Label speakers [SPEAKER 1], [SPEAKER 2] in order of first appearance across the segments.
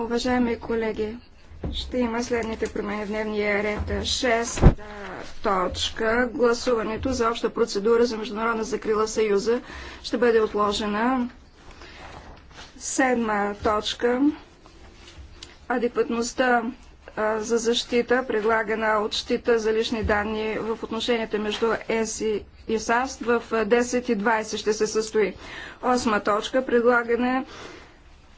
[SPEAKER 1] уважаеми колеги, ще има следните промени в дневния ред. Шеста точка. Гласуването за обща процедура за международна закрила Съюза ще бъде отложена. Седма точка. Адекватността за защита, предлагана от щита за лични данни в отношенията между ЕС и и САЩ в 10.20 ще се състои. Осма точка – предлагане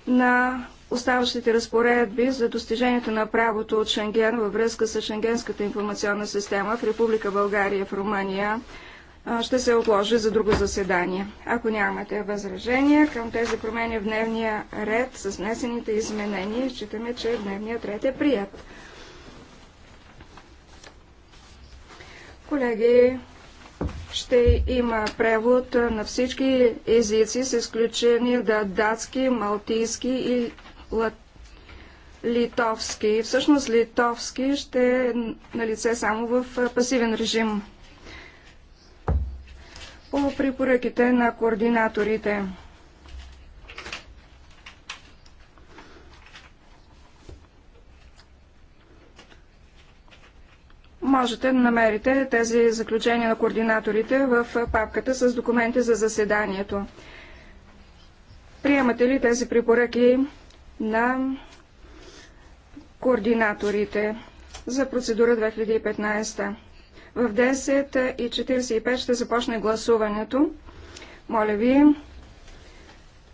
[SPEAKER 1] на оставащите разпоредби за достижението на правото от Шенген във връзка с Шенгенската информационна система в Република България и в Румъния ще се отложи за друго заседание. Ако нямате възражения към тези промени в дневния ред с внесените изменения, считаме, че дневният ред е прият. Колеги, ще има превод на всички езици, с изключение да датски, малтийски и лат... литовски. Всъщност литовски ще е на лице само в пасивен режим. По препоръките на координаторите. Можете да намерите тези заключения на координаторите в папката с документи за заседанието. Приемате ли тези препоръки на координаторите за процедура 2015? В 10.45 ще започне гласуването. Моля ви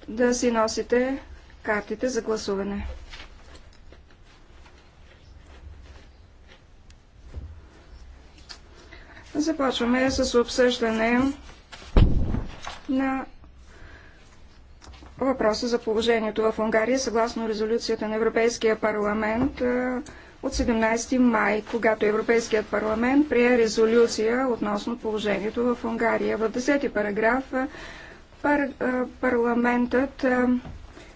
[SPEAKER 1] да си носите картите за гласуване. Започваме с обсъждане на въпроса за положението в Унгария съгласно резолюцията на Европейския парламент от 17 май, когато Европейският парламент прие резолюция относно положението в Унгария. В 10 параграф пар, парламентът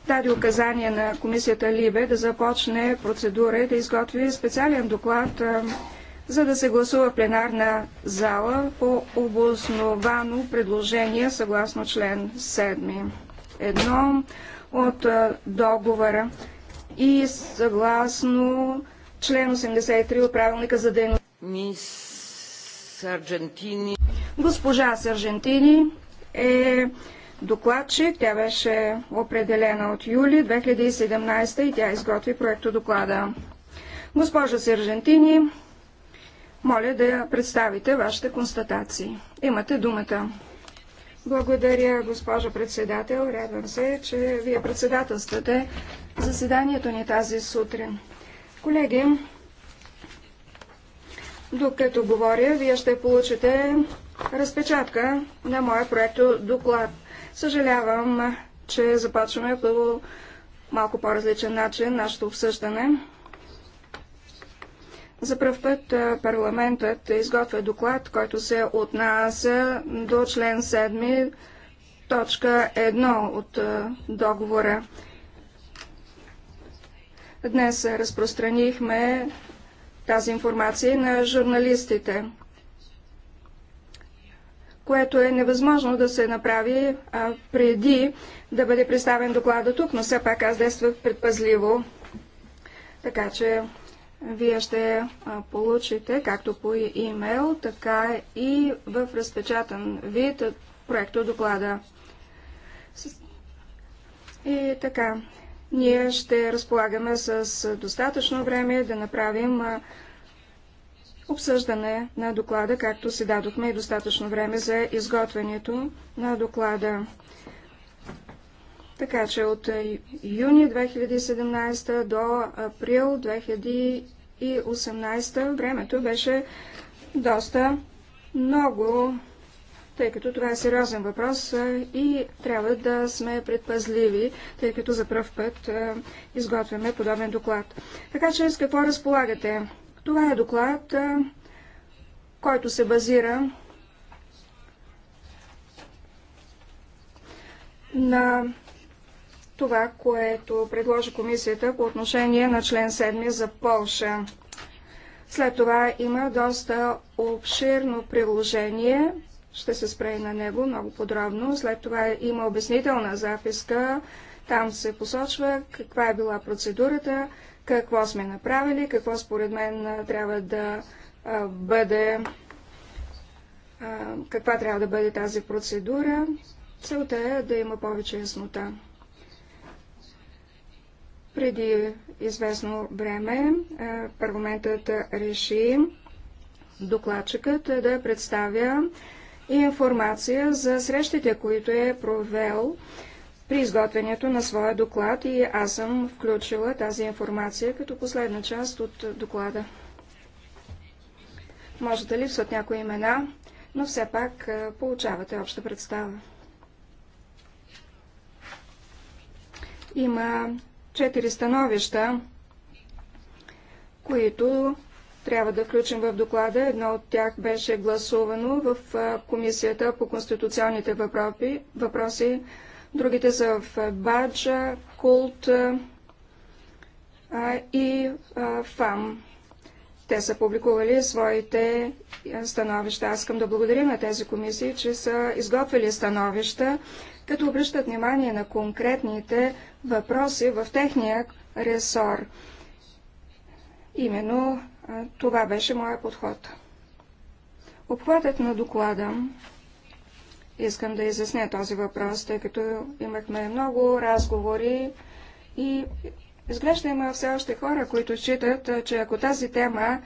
[SPEAKER 1] даде указание на комисията Либе да започне процедура и да изготви специален доклад за да се гласува в пленарна зала по обосновано предложение съгласно член 7. Едно от договора и съгласно член 83 от правилника за дейност. Мис Аржентини. Госпожа Сържентини е докладчик. Тя беше определена от юли 2017 и тя изготви проекто доклада. Госпожа Сържентини, моля да представите вашите констатации. Имате думата. Благодаря, госпожо председател. Радвам се, че вие председателствате заседанието ни тази сутрин. Колеги, докато говоря, вие ще получите разпечатка на моя проекто доклад. Съжалявам, че започваме по малко по-различен начин нашето обсъждане. За първ път парламентът изготвя доклад, който се отнася до член 7, точка 1 от договора. Днес разпространихме тази информация на журналистите, което е невъзможно да се направи а, преди да бъде представен доклада тук, но все пак аз действах предпазливо. Така че вие ще получите както по имейл, така и в разпечатан вид проекто доклада. И така, ние ще разполагаме с достатъчно време да направим обсъждане на доклада, както си дадохме и достатъчно време за изготвянето на доклада. Така че от е, юни 2017 до април 2018 времето беше доста много, тъй като това е сериозен въпрос е, и трябва да сме предпазливи, тъй като за първ път е, изготвяме подобен доклад. Така че с какво разполагате? Това е доклад, който се базира на това, което предложи комисията по отношение на член 7 за Полша. След това има доста обширно приложение. Ще се спре на него много подробно. След това има обяснителна записка. Там се посочва каква е била процедурата, какво сме направили, какво според мен трябва да бъде, каква трябва да бъде тази процедура. Целта е да има повече яснота. Преди известно време парламентът реши докладчикът да представя информация за срещите, които е провел при изготвянето на своя доклад и аз съм включила тази информация като последна част от доклада. Може да липсват някои имена, но все пак получавате обща представа. Има четири становища, които трябва да включим в доклада. Едно от тях беше гласувано в Комисията по конституционните въпроси. Другите са в Баджа, Култ и ФАМ. Те са публикували своите становища. Аз искам да благодаря на тези комисии, че са изготвили становища като обръщат внимание на конкретните въпроси в техния ресор. Именно това беше моя подход. Обхватът на доклада. Искам да изясня този въпрос, тъй като имахме много разговори и изглежда има все още хора, които считат, че ако тази тема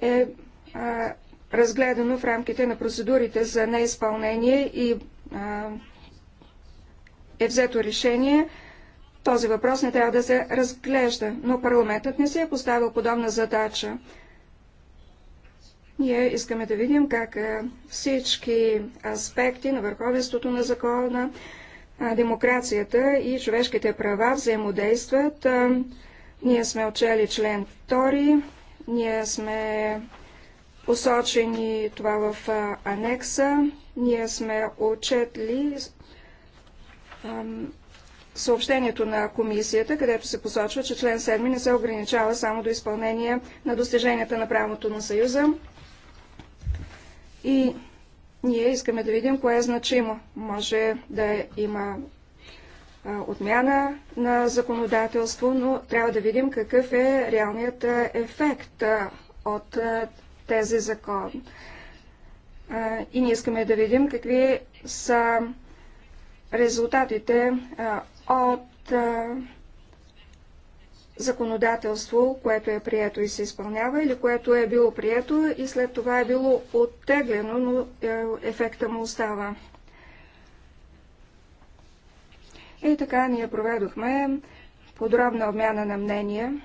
[SPEAKER 1] е а, разгледано в рамките на процедурите за неизпълнение и а, е взето решение, този въпрос не трябва да се разглежда, но парламентът не си е поставил подобна задача. Ние искаме да видим как е, всички аспекти на върховенството на закона, е, демокрацията и човешките права взаимодействат. Е, ние сме отчели член 2, ние сме посочени това в анекса, ние сме отчетли съобщението на комисията, където се посочва, че член 7 не се ограничава само до изпълнение на достиженията на правото на Съюза. И ние искаме да видим кое е значимо. Може да има отмяна на законодателство, но трябва да видим какъв е реалният ефект от тези закон. И ние искаме да видим какви са резултатите от законодателство, което е прието и се изпълнява, или което е било прието и след това е било оттеглено, но е, ефекта му остава. И така ние проведохме подробна обмяна на мнения.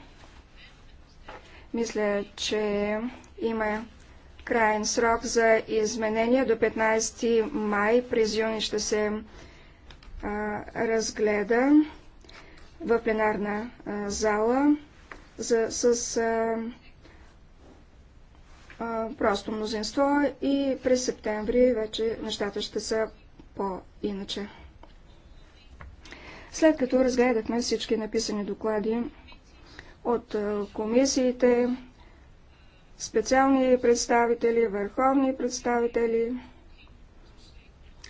[SPEAKER 1] Мисля, че има краен срок за изменения до 15 май. През юни ще се разгледа в пленарна зала за, с а, а, просто мнозинство и през септември вече нещата ще са по-иначе. След като разгледахме всички написани доклади от комисиите, специални представители, върховни представители,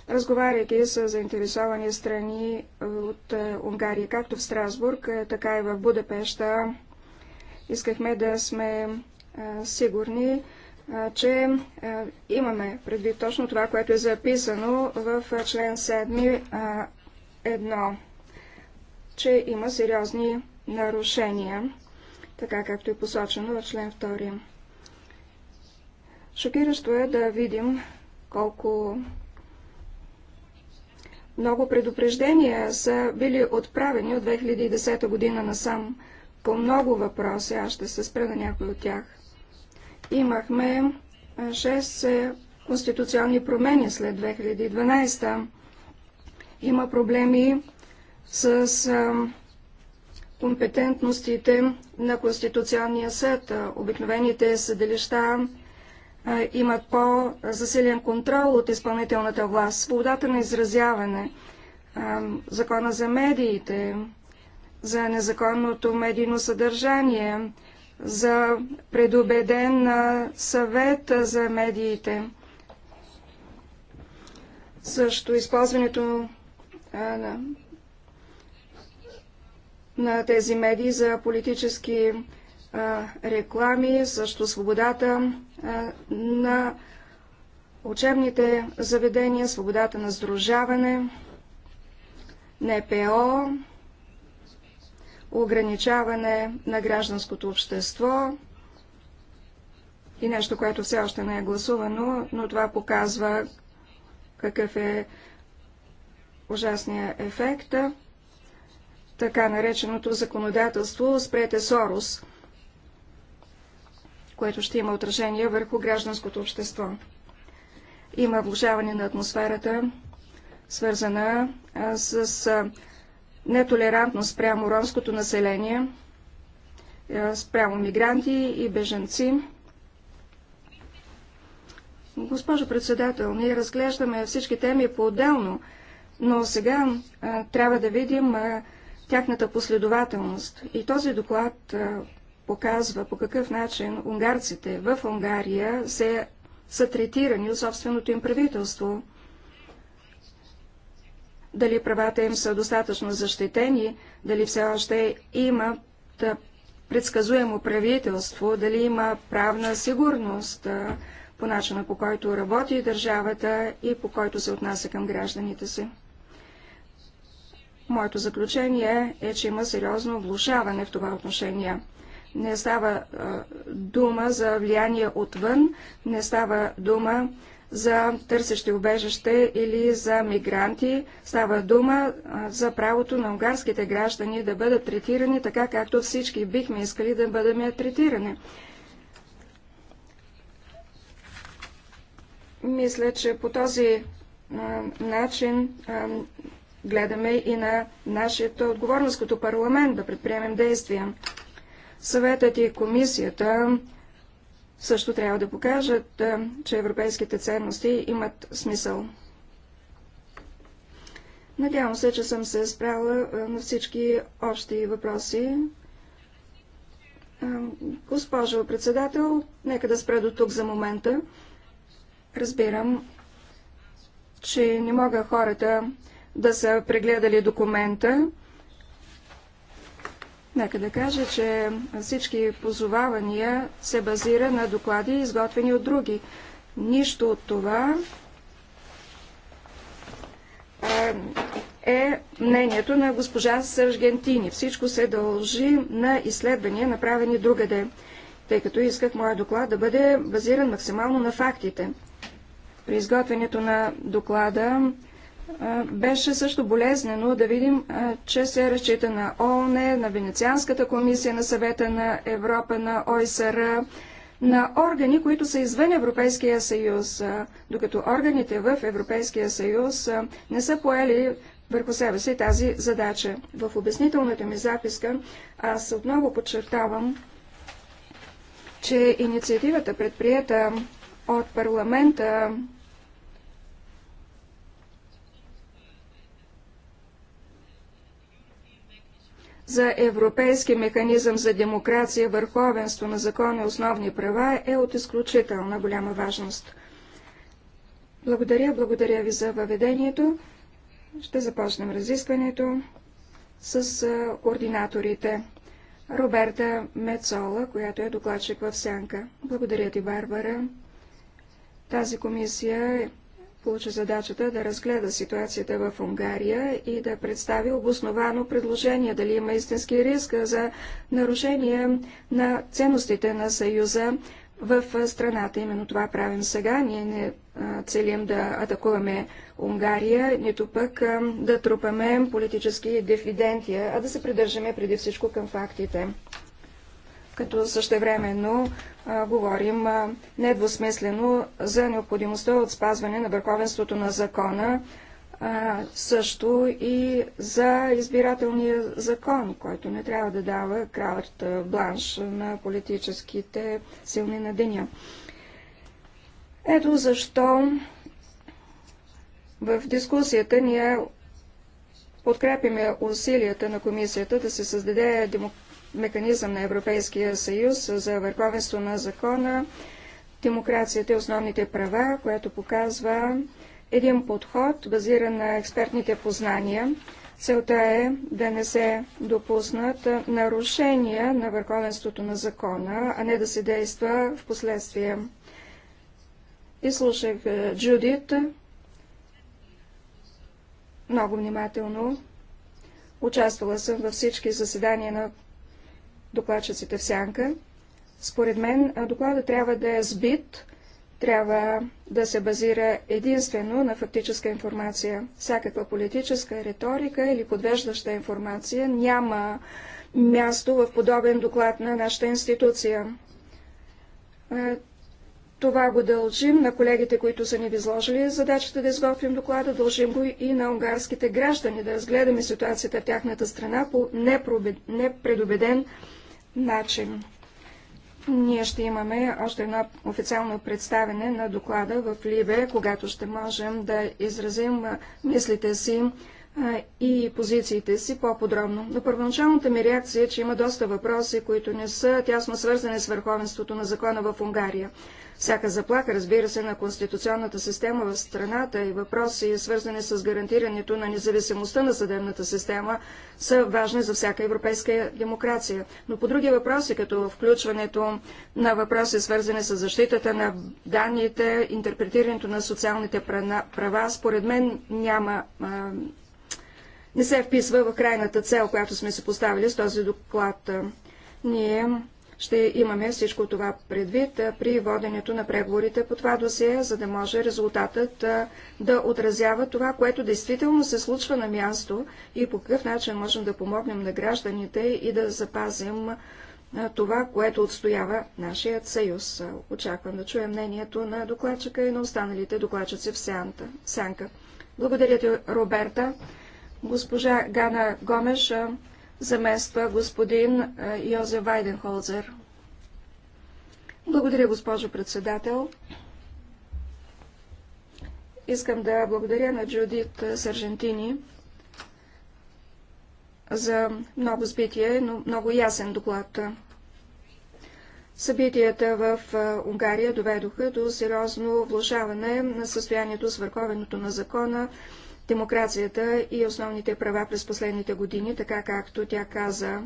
[SPEAKER 1] разговаряйки с заинтересовани страни е, от е, Унгария, както в Страсбург, е, така и в Будапешта. Искахме да сме сигурни, че имаме предвид точно това, което е записано в член 7 1 че има сериозни нарушения, така както е посочено в член 2. Шокиращо е да видим колко много предупреждения са били отправени от 2010 година насам по много въпроси. Аз ще се спра на някой от тях. Имахме 6 конституционни промени след 2012. Има проблеми с компетентностите на Конституционния съд, обикновените съдилища, имат по-засилен контрол от изпълнителната власт, свободата на изразяване, закона за медиите, за незаконното медийно съдържание, за предубеден съвет за медиите. Също използването на, на тези медии за политически реклами, също свободата на учебните заведения, свободата на сдружаване, НПО, ограничаване на гражданското общество и нещо, което все още не е гласувано, но това показва какъв е ужасния ефект. Така нареченото законодателство «Спрете Сорос» което ще има отражение върху гражданското общество. Има влушаване на атмосферата, свързана с нетолерантност прямо ромското население, спрямо мигранти и беженци. Госпожо председател, ние разглеждаме всички теми по-отделно, но сега а, трябва да видим а, тяхната последователност. И този доклад а, показва по какъв начин унгарците в Унгария се, са третирани от собственото им правителство. Дали правата им са достатъчно защитени, дали все още имат предсказуемо правителство, дали има правна сигурност по начина по който работи държавата и по който се отнася към гражданите си. Моето заключение е, че има сериозно влушаване в това отношение не става дума за влияние отвън, не става дума за търсещи убежище или за мигранти. Става дума за правото на унгарските граждани да бъдат третирани така, както всички бихме искали да бъдем третирани. Мисля, че по този а, начин а, гледаме и на нашата отговорност като парламент да предприемем действия. Съветът и комисията също трябва да покажат, че европейските ценности имат смисъл. Надявам се, че съм се справила на всички общи въпроси. Госпожо председател, нека да спра до тук за момента. Разбирам, че не мога хората да са прегледали документа. Нека да кажа, че всички позовавания се базира на доклади, изготвени от други. Нищо от това е, е мнението на госпожа Сържгентини. Всичко се дължи на изследвания, направени другаде, тъй като исках моя доклад да бъде базиран максимално на фактите. При изготвянето на доклада беше също болезнено да видим, че се разчита на ООН, на Венецианската комисия, на съвета на Европа, на ОСР, на органи, които са извън Европейския съюз, докато органите в Европейския съюз не са поели върху себе си тази задача. В обяснителната ми записка аз отново подчертавам, че инициативата предприета от парламента за европейски механизъм за демокрация, върховенство на закона и основни права е от изключителна голяма важност. Благодаря, благодаря ви за въведението. Ще започнем разискването с координаторите. Роберта Мецола, която е докладчик в Сянка. Благодаря ти, Барбара. Тази комисия е получи задачата да разгледа ситуацията в Унгария и да представи обосновано предложение дали има истински риск за нарушение на ценностите на Съюза в страната. Именно това правим сега. Ние не целим да атакуваме Унгария, нито пък да трупаме политически дивиденти, а да се придържаме преди всичко към фактите като същевременно а, говорим а, недвусмислено за необходимостта от спазване на върховенството на закона, а, също и за избирателния закон, който не трябва да дава карта бланш на политическите силни на деня. Ето защо в дискусията ние подкрепиме усилията на комисията да се създаде демократична механизъм на Европейския съюз за върховенство на закона, демокрацията и е основните права, което показва един подход, базиран на експертните познания. Целта е да не се допуснат нарушения на върховенството на закона, а не да се действа в последствие. И слушах е, Джудит много внимателно. Участвала съм във всички заседания на докладчиците в сянка. Според мен докладът трябва да е сбит, трябва да се базира единствено на фактическа информация. Всякаква политическа риторика или подвеждаща информация няма място в подобен доклад на нашата институция. Това го дължим на колегите, които са ни възложили задачата да изготвим доклада, дължим го и на унгарските граждани, да разгледаме ситуацията в тяхната страна по непредобеден начин. Ние ще имаме още едно официално представене на доклада в Либе, когато ще можем да изразим мислите си и позициите си по-подробно. Но първоначалната ми реакция е, че има доста въпроси, които не са тясно свързани с върховенството на закона в Унгария всяка заплаха, разбира се, на конституционната система в страната и въпроси, свързани с гарантирането на независимостта на съдебната система, са важни за всяка европейска демокрация. Но по други въпроси, като включването на въпроси, свързани с защитата на данните, интерпретирането на социалните права, според мен няма не се вписва в крайната цел, която сме се поставили с този доклад. Ние ще имаме всичко това предвид при воденето на преговорите по това досие, за да може резултатът да отразява това, което действително се случва на място и по какъв начин можем да помогнем на гражданите и да запазим това, което отстоява нашият съюз. Очаквам да чуя мнението на докладчика и на останалите докладчици в сянка. Благодаря ти, Роберта. Госпожа Гана Гомеш замества господин е, Йозеф Вайденхолзер. Благодаря, госпожо председател. Искам да благодаря на Джудит Саржентини за много сбитие, но много ясен доклад. Събитията в е, Унгария доведоха до сериозно влушаване на състоянието с върховенето на закона, демокрацията и основните права през последните години, така както тя каза,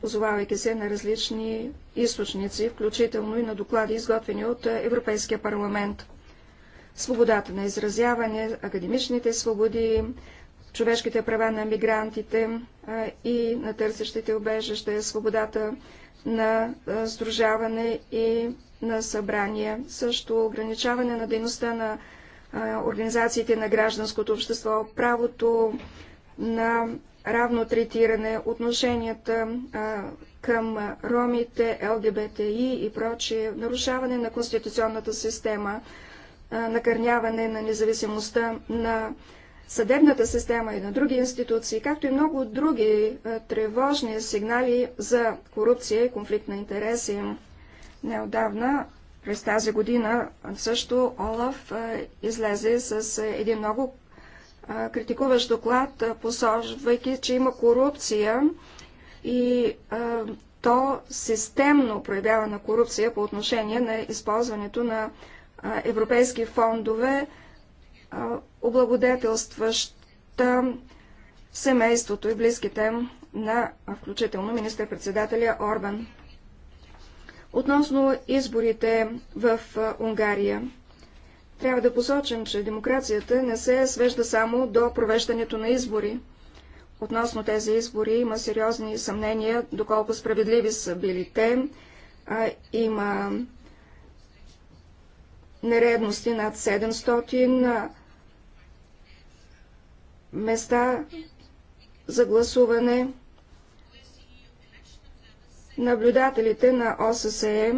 [SPEAKER 1] позовавайки се на различни източници, включително и на доклади, изготвени от Европейския парламент. Свободата на изразяване, академичните свободи, човешките права на мигрантите и на търсещите убежище, свободата на сдружаване и на събрания, също ограничаване на дейността на организациите на гражданското общество, правото на равно третиране, отношенията към ромите, ЛГБТИ и прочие, нарушаване на конституционната система, накърняване на независимостта на съдебната система и на други институции, както и много други тревожни сигнали за корупция и конфликт на интереси. Неодавна през тази година също Олаф излезе с един много критикуващ доклад, посочвайки, че има корупция и то системно проявява на корупция по отношение на използването на европейски фондове, облагодетелстваща семейството и близките на включително министър-председателя Орбан. Относно изборите в Унгария, трябва да посочим, че демокрацията не се свежда само до провеждането на избори. Относно тези избори има сериозни съмнения, доколко справедливи са били те. има нередности над 700 места за гласуване. Наблюдателите на ОССЕ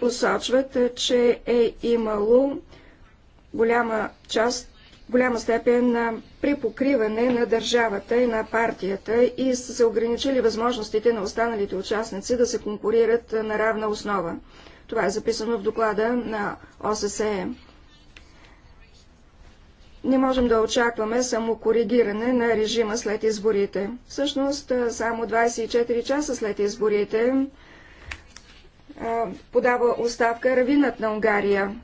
[SPEAKER 1] посочват, че е имало голяма част, голяма степен на припокриване на държавата и на партията и са се ограничили възможностите на останалите участници да се конкурират на равна основа. Това е записано в доклада на ОССЕ не можем да очакваме самокоригиране на режима след изборите. Всъщност, само 24 часа след изборите подава оставка равинът на Унгария.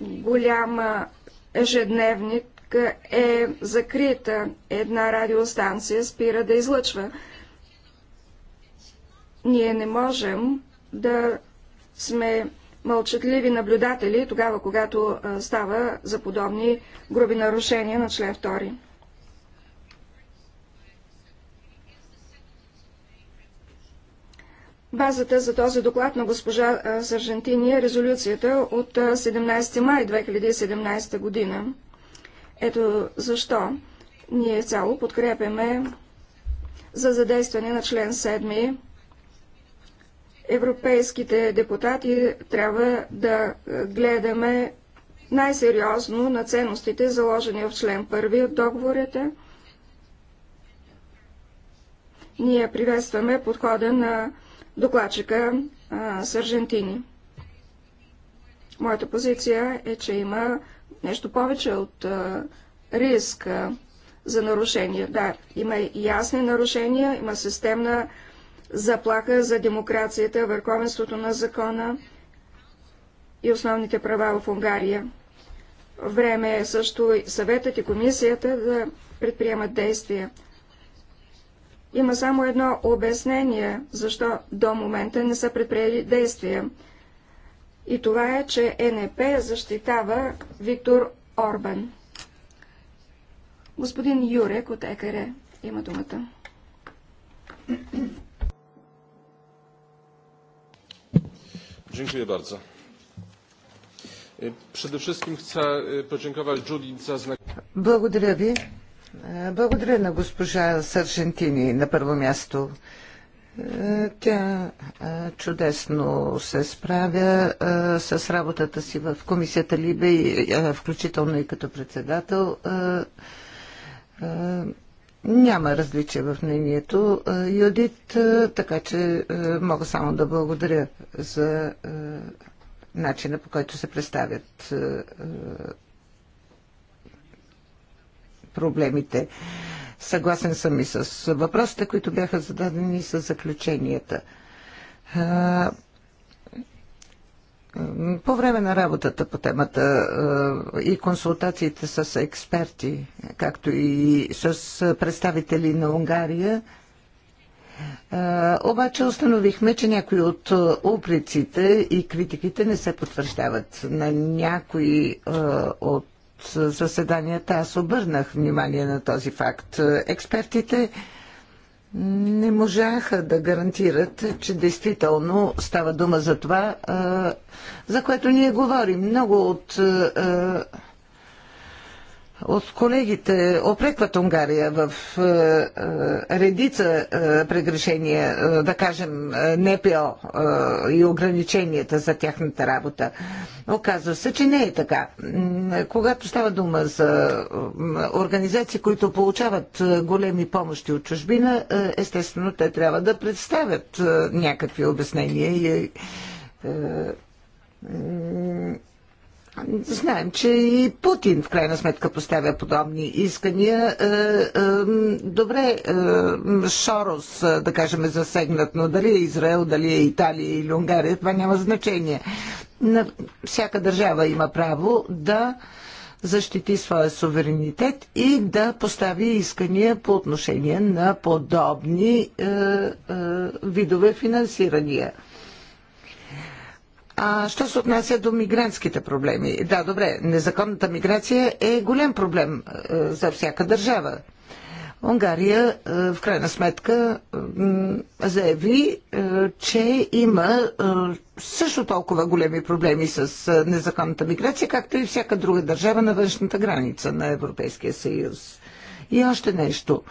[SPEAKER 1] Голяма ежедневник е закрита. Една радиостанция спира да излъчва. Ние не можем да сме мълчатливи наблюдатели, тогава когато става за подобни груби нарушения на член 2. Базата за този доклад на госпожа Саржентини е резолюцията от 17 май 2017 година. Ето защо ние цяло подкрепяме за задействане на член 7 европейските депутати трябва да е, гледаме най-сериозно на ценностите, заложени в член първи от договорите. Ние приветстваме подхода на докладчика е, с Аржентини. Моята позиция е, че има нещо повече от а, е, риск а, за нарушения. Да, има ясни нарушения, има системна заплаха за демокрацията, върховенството на закона и основните права в Унгария. Време е също и съветът и комисията да предприемат действия. Има само едно обяснение, защо до момента не са предприели действия. И това е, че НП защитава Виктор Орбан. Господин Юрек от ЕКР има думата.
[SPEAKER 2] Dziękuję bardzo. E, przede wszystkim chcę e, podziękować Judith za znak...
[SPEAKER 3] Благодаря ви. Е, благодаря на госпожа Саржентини на първо място. Е, тя е, чудесно се справя с работата си в комисията Либе, включително и като председател няма различие в мнението, Юдит, така че мога само да благодаря за начина по който се представят проблемите. Съгласен съм и с въпросите, които бяха зададени с заключенията. По време на работата по темата е, и консултациите с експерти, както и с представители на Унгария, е, обаче установихме, че някои от упреците и критиките не се потвърждават. На някои е, от заседанията аз обърнах внимание на този факт. Експертите не можаха да гарантират, че действително става дума за това, за което ние говорим. Много от от колегите опрекват Унгария в е, е, редица е, прегрешения, е, да кажем е, НПО е, и ограниченията за тяхната работа. Оказва се, че не е така. Когато става дума за организации, които получават е, големи помощи от чужбина, е, естествено те трябва да представят е, някакви обяснения и е, е Знаем, че и Путин в крайна сметка поставя подобни искания. Е, е, добре, Шорос, е, да кажем, е засегнат, но дали е Израел, дали е Италия или Унгария, това няма значение. Всяка държава има право да защити своя суверенитет и да постави искания по отношение на подобни е, е, видове финансирания. А що се отнася до мигрантските проблеми? Да, добре, незаконната миграция е голям проблем е, за всяка държава. Унгария е, в крайна сметка заяви, е, че има също толкова големи проблеми с незаконната миграция, както и всяка друга държава на външната граница на Европейския съюз. И още нещо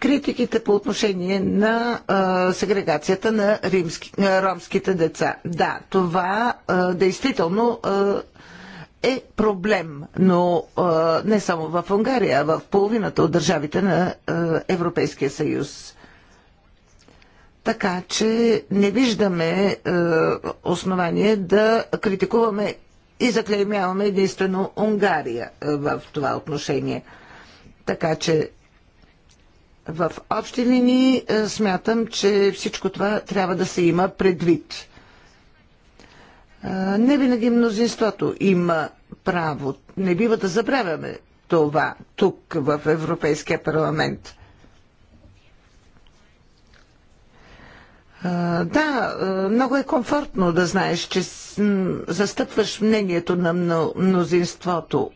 [SPEAKER 3] критиките по отношение на а, сегрегацията на римски, а, ромските деца. Да, това а, действително а, е проблем, но а, не само в Унгария, а в половината от държавите на а, Европейския съюз. Така че не виждаме е, основание да критикуваме и заклеймяваме единствено Унгария в това отношение. Така че в общи линии е, смятам, че всичко това трябва да се има предвид. Е, не винаги мнозинството има право. Не бива да забравяме това тук в Европейския парламент. Е, да, много е комфортно да знаеш, че застъпваш мнението на мнозинството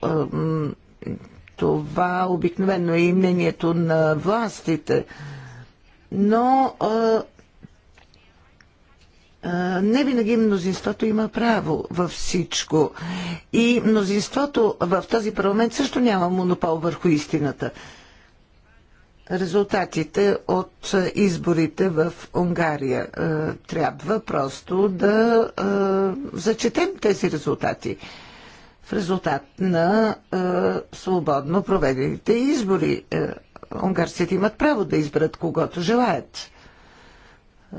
[SPEAKER 3] това обикновено е и мнението на властите. Но а, а, не винаги мнозинството има право във всичко. И мнозинството в този парламент също няма монопол върху истината. Резултатите от изборите в Унгария. Трябва просто да зачетем тези резултати резултат на е, свободно проведените избори. Е, унгарците имат право да изберат когото желаят. Е,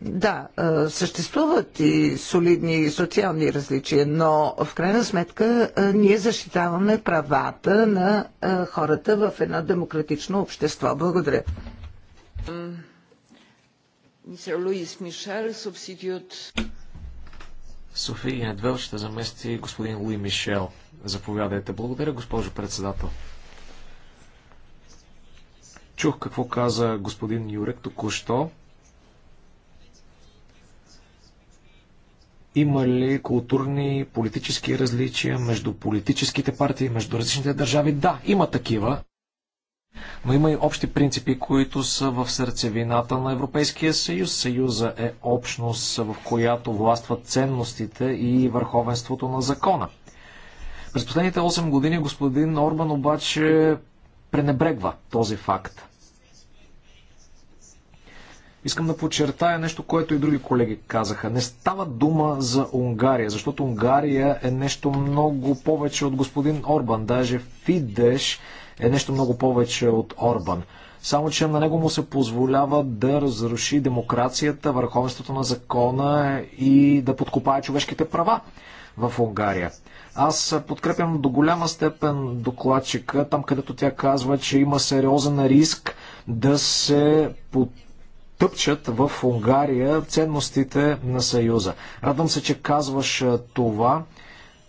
[SPEAKER 3] да, е, съществуват и солидни социални различия, но в крайна сметка е, ние защитаваме правата на е, хората в едно демократично общество. Благодаря. Мистер Луис Мишел, субститут. София
[SPEAKER 2] Недвел ще замести господин Луи Мишел. Заповядайте. Благодаря, госпожо председател. Чух какво каза господин Юрек току-що. Има ли културни, политически различия между политическите партии, между различните държави? Да, има такива. Но има и общи принципи, които са в сърцевината на Европейския съюз. Съюза е общност, в която властват ценностите и върховенството на закона. През последните 8 години господин Орбан обаче пренебрегва този факт. Искам да подчертая нещо, което и други колеги казаха. Не става дума за Унгария, защото Унгария е нещо много повече от господин Орбан. Даже Фидеш е нещо много повече от Орбан. Само, че на него му се позволява да разруши демокрацията, върховенството на закона и да подкопае човешките права в Унгария. Аз подкрепям до голяма степен докладчика, там където тя казва, че има сериозен риск да се потъпчат в Унгария ценностите на Съюза. Радвам се, че казваш това.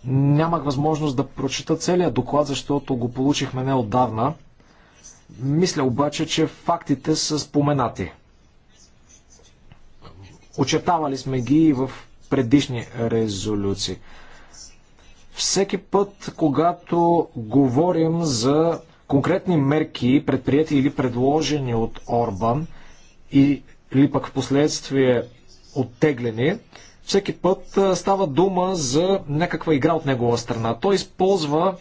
[SPEAKER 2] Нямах възможност да прочета целия доклад, защото го получихме неотдавна. Мисля обаче, че фактите са споменати. Очетавали сме ги и в предишни резолюции. Всеки път, когато говорим за конкретни мерки, предприяти или предложени от Орбан, или пък в последствие оттеглени, всеки път става дума за някаква игра от негова страна. Той използва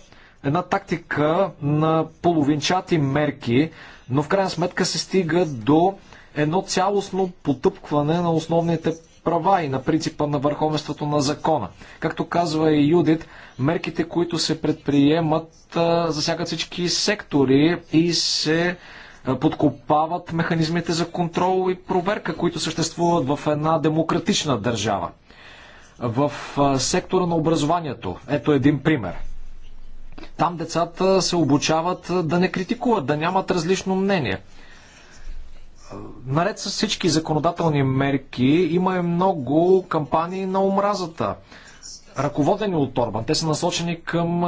[SPEAKER 2] една тактика на половинчати мерки, но в крайна сметка се стига до едно цялостно потъпкване на основните права и на принципа на върховенството на закона. Както казва и Юдит, мерките, които се предприемат, засягат всички сектори и се подкопават механизмите за контрол и проверка, които съществуват в една демократична държава. В сектора на образованието, ето един пример. Там децата се обучават да не критикуват, да нямат различно мнение. Наред с всички законодателни мерки има и много кампании на омразата, ръководени от Орбан. Те са насочени към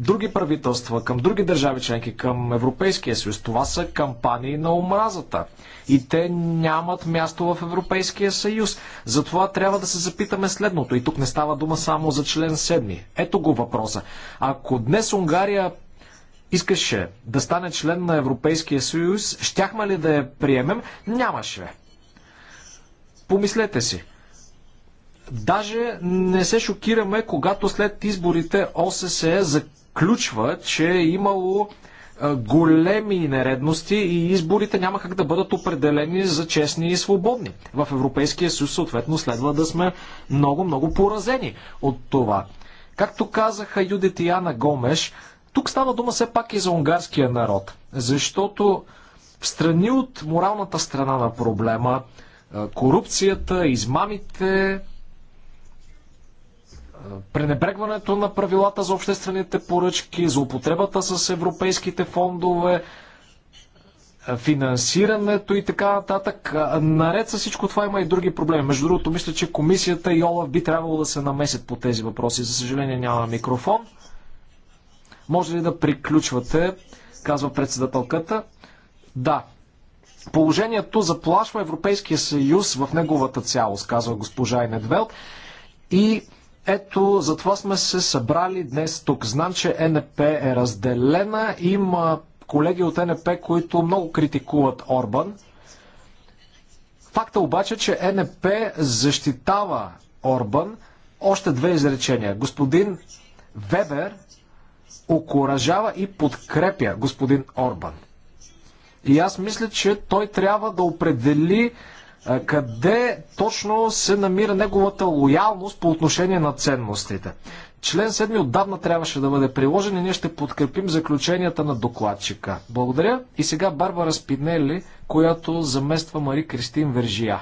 [SPEAKER 2] други правителства, към други държави членки, към Европейския съюз. Това са кампании на омразата. И те нямат място в Европейския съюз. Затова трябва да се запитаме следното. И тук не става дума само за член 7. Ето го въпроса. Ако днес Унгария искаше да стане член на Европейския съюз, щяхме ли да я приемем? Нямаше. Помислете си. Даже не се шокираме, когато след изборите ОССЕ заключва, че е имало големи нередности и изборите няма как да бъдат определени за честни и свободни. В Европейския съюз съответно следва да сме много-много поразени от това. Както казаха Юдит и Ана Гомеш, тук става дума все пак и за унгарския народ, защото в страни от моралната страна на проблема, корупцията, измамите, пренебрегването на правилата за обществените поръчки, употребата с европейските фондове, финансирането и така нататък. Наред с всичко това има и други проблеми. Между другото, мисля, че комисията и Олаф би трябвало да се намесят по тези въпроси. За съжаление няма микрофон. Може ли да приключвате, казва председателката. Да. Положението заплашва Европейския съюз в неговата цялост, казва госпожа Инедвелт. И ето, затова сме се събрали днес тук. Знам, че НП е разделена. Има колеги от НП, които много критикуват Орбан. Факта е обаче, че НП защитава Орбан. Още две изречения. Господин Вебер окоръжава и подкрепя господин Орбан. И аз мисля, че той трябва да определи къде точно се намира неговата лоялност по отношение на ценностите. Член 7 отдавна трябваше да бъде приложен и ние ще подкрепим заключенията на докладчика. Благодаря. И сега Барбара Спинели, която замества Мари Кристин Вержия.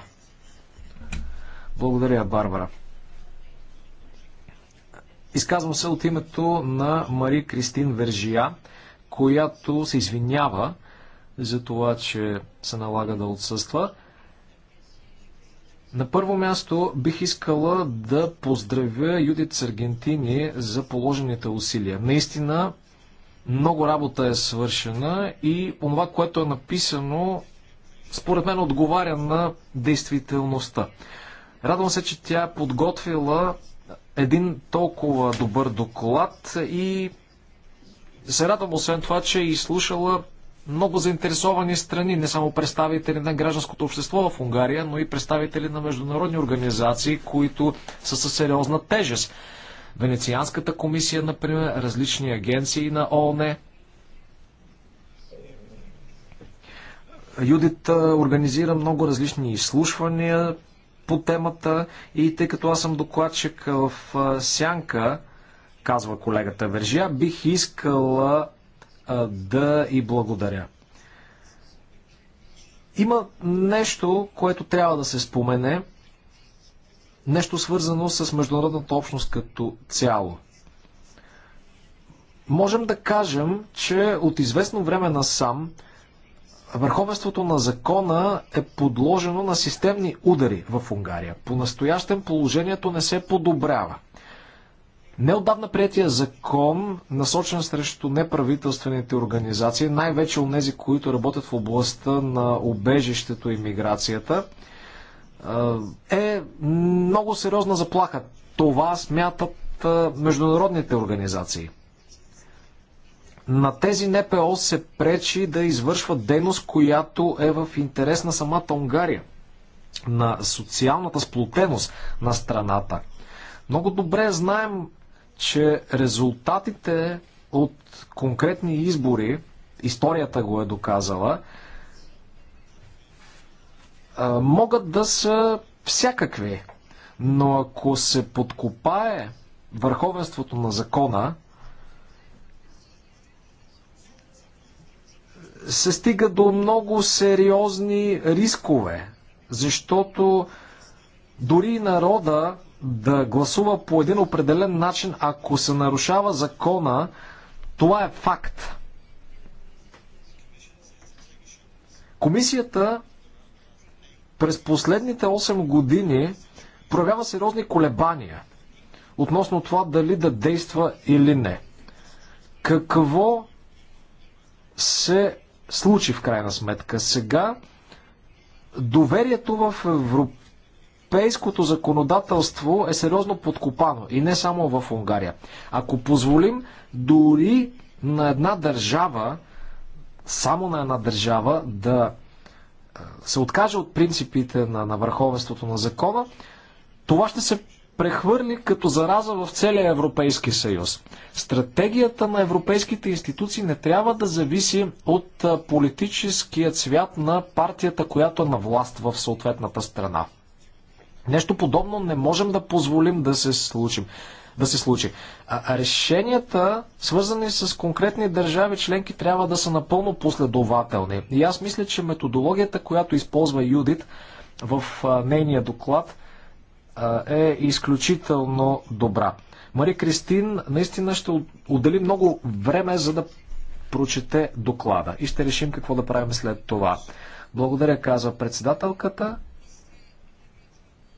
[SPEAKER 2] Благодаря, Барбара. Изказвам се от името на Мари Кристин Вержия, която се извинява за това, че се налага да отсъства. На първо място бих искала да поздравя Юдит Саргентини за положените усилия. Наистина много работа е свършена и това, което е написано, според мен отговаря на действителността. Радвам се, че тя е подготвила един толкова добър доклад и се радвам освен това, че е изслушала много заинтересовани страни, не само представители на гражданското общество в Унгария, но и представители на международни организации, които са със сериозна тежест. Венецианската комисия, например, различни агенции на ООН. Юдит организира много различни изслушвания по темата и тъй като аз съм докладчик в Сянка, казва колегата Вержия, бих искала да и благодаря. Има нещо, което трябва да се спомене, нещо свързано с международната общност като цяло. Можем да кажем, че от известно време насам върховенството на закона е подложено на системни удари в Унгария. По настоящем положението не се подобрява. Неодавна приятия закон, насочен срещу неправителствените организации, най-вече от тези, които работят в областта на обежището и миграцията, е много сериозна заплаха. Това смятат международните организации. На тези НПО се пречи да извършват дейност, която е в интерес на самата Унгария, на социалната сплотеност на страната. Много добре знаем че резултатите от конкретни избори, историята го е доказала, могат да са всякакви. Но ако се подкопае върховенството на закона, се стига до много сериозни рискове, защото дори народа да гласува по един определен начин, ако се нарушава закона, това е факт. Комисията през последните 8 години проявява сериозни колебания относно това дали да действа или не. Какво се случи в крайна сметка? Сега доверието в Европа европейското законодателство е сериозно подкопано и не само в Унгария. Ако позволим дори на една държава, само на една държава да е, се откаже от принципите на, на върховенството на закона, това ще се прехвърли като зараза в целия Европейски съюз. Стратегията на европейските институции не трябва да зависи от е, политическия цвят на партията, която е на власт в съответната страна. Нещо подобно не можем да позволим да се случим. Да се случи. А решенията, свързани с конкретни държави членки, трябва да са напълно последователни. И аз мисля, че методологията, която използва Юдит в нейния доклад, е изключително добра. Мари Кристин наистина ще отдели много време, за да прочете доклада и ще решим какво да правим след това. Благодаря, казва председателката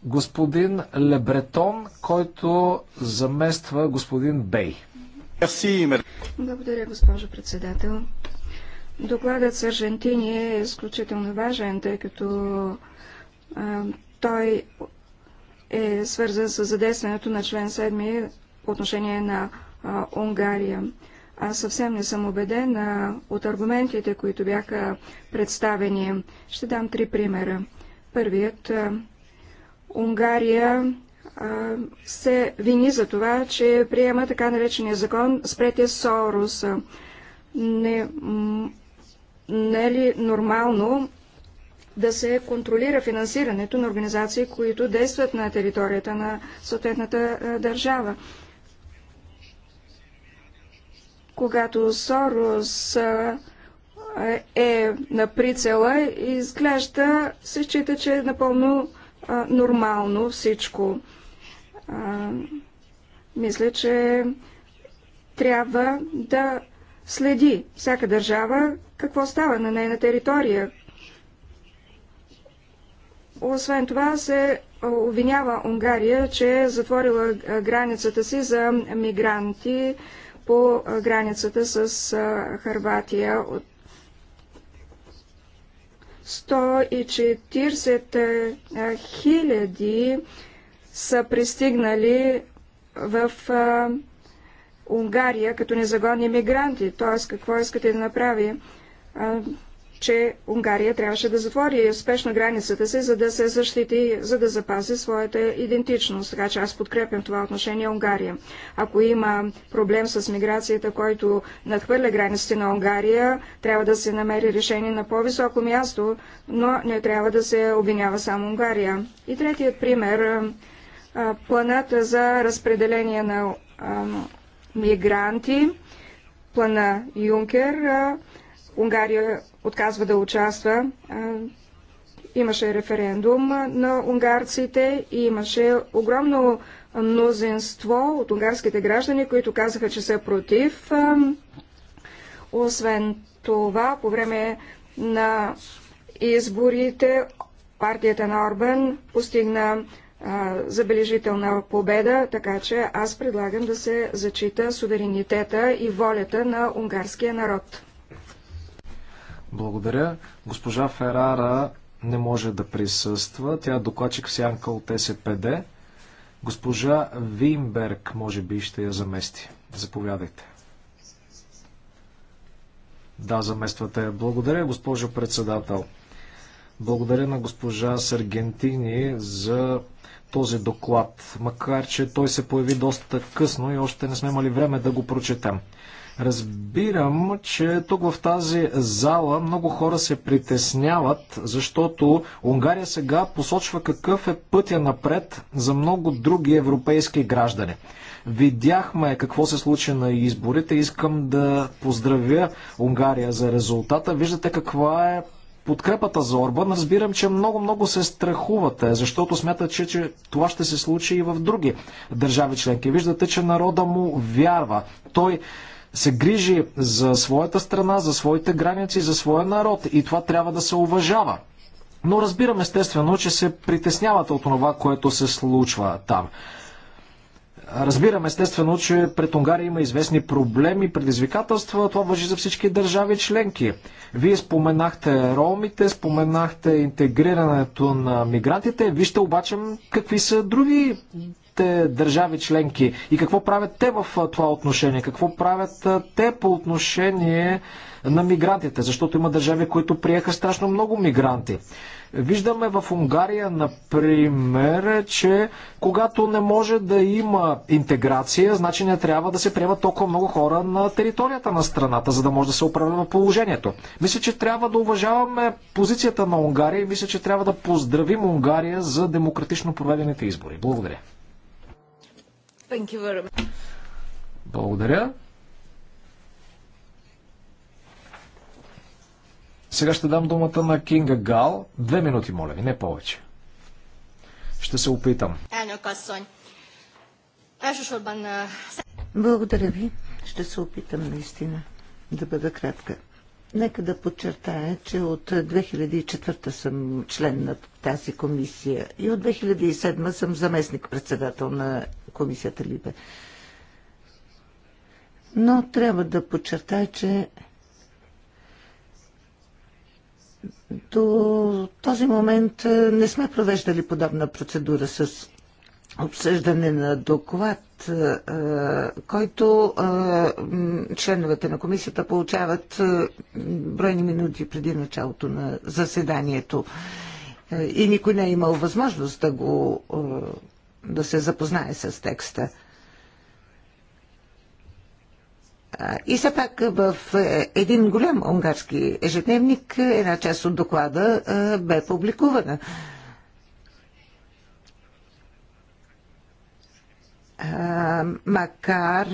[SPEAKER 2] господин Лебретон, който замества господин Бей.
[SPEAKER 1] Благодаря, госпожо председател. Докладът с Аржентини е изключително важен, тъй като а, той е свързан с задействането на член 7 по отношение на а, Унгария. Аз съвсем не съм убеден а, от аргументите, които бяха представени. Ще дам три примера. Първият Унгария се вини за това, че приема така наречения закон спрете Сорос. Не, не е ли нормално да се контролира финансирането на организации, които действат на територията на съответната държава? Когато Сорос е на прицела, изглежда се счита, че е напълно а, нормално всичко. А, мисля, че трябва да следи всяка държава какво става на нейна територия. Освен това се обвинява Унгария, че е затворила границата си за мигранти по границата с Харватия от 140 е, е, хиляди са пристигнали в а, е, Унгария като незаконни мигранти. Т.е. какво искате да направи? А, че Унгария трябваше да затвори успешно границата си, за да се защити, за да запази своята идентичност. Така че аз подкрепям това отношение Унгария. Ако има проблем с миграцията, който надхвърля границите на Унгария, трябва да се намери решение на по-високо място, но не трябва да се обвинява само Унгария. И третият пример планът за разпределение на мигранти, плана Юнкер, Унгария отказва да участва. Имаше референдум на унгарците и имаше огромно мнозинство от унгарските граждани, които казаха, че са против. Освен това, по време на изборите партията на Орбан постигна забележителна победа, така че аз предлагам да се зачита суверенитета и волята на унгарския народ.
[SPEAKER 2] Благодаря. Госпожа Ферара не може да присъства. Тя е докладчик в сянка от СПД. Госпожа Вимберг, може би, ще я замести. Заповядайте. Да, замествате. Благодаря, госпожо председател. Благодаря на госпожа Саргентини за този доклад, макар че той се появи доста късно и още не сме имали време да го прочетем. Разбирам, че тук в тази зала много хора се притесняват, защото Унгария сега посочва какъв е пътя напред за много други европейски граждани. Видяхме какво се случи на изборите. Искам да поздравя Унгария за резултата. Виждате каква е подкрепата за Орбан. Разбирам, че много-много се страхувате, защото смятате, че, че това ще се случи и в други държави членки. Виждате, че народа му вярва. Той се грижи за своята страна, за своите граници, за своя народ и това трябва да се уважава. Но разбирам естествено, че се притеснявате от това, което се случва там. Разбирам естествено, че пред Унгария има известни проблеми, предизвикателства. Това въжи за всички държави членки. Вие споменахте ромите, споменахте интегрирането на мигрантите. Вижте обаче какви са други другите държави членки и какво правят те в това отношение, какво правят те по отношение на мигрантите, защото има държави, които приеха страшно много мигранти. Виждаме в Унгария, например, че когато не може да има интеграция, значи не трябва да се приемат толкова много хора на територията на страната, за да може да се управлява положението. Мисля, че трябва да уважаваме позицията на Унгария и мисля, че трябва да поздравим Унгария за демократично проведените избори. Благодаря.
[SPEAKER 3] Thank you very much.
[SPEAKER 2] Благодаря. Сега ще дам думата на Кинга Гал. Две минути, моля ви, не повече. Ще се опитам.
[SPEAKER 3] Благодаря ви. Ще се опитам наистина да бъда кратка. Нека да подчертая, че от 2004 съм член на тази комисия и от 2007 съм заместник-председател на комисията Либе. Но трябва да подчертая, че до този момент не сме провеждали подобна процедура с обсъждане на доклад, който членовете на комисията получават бройни минути преди началото на заседанието. И никой не е имал възможност да го да се запознае с текста. И все пак в е, един голям унгарски ежедневник една част от доклада бе публикувана. макар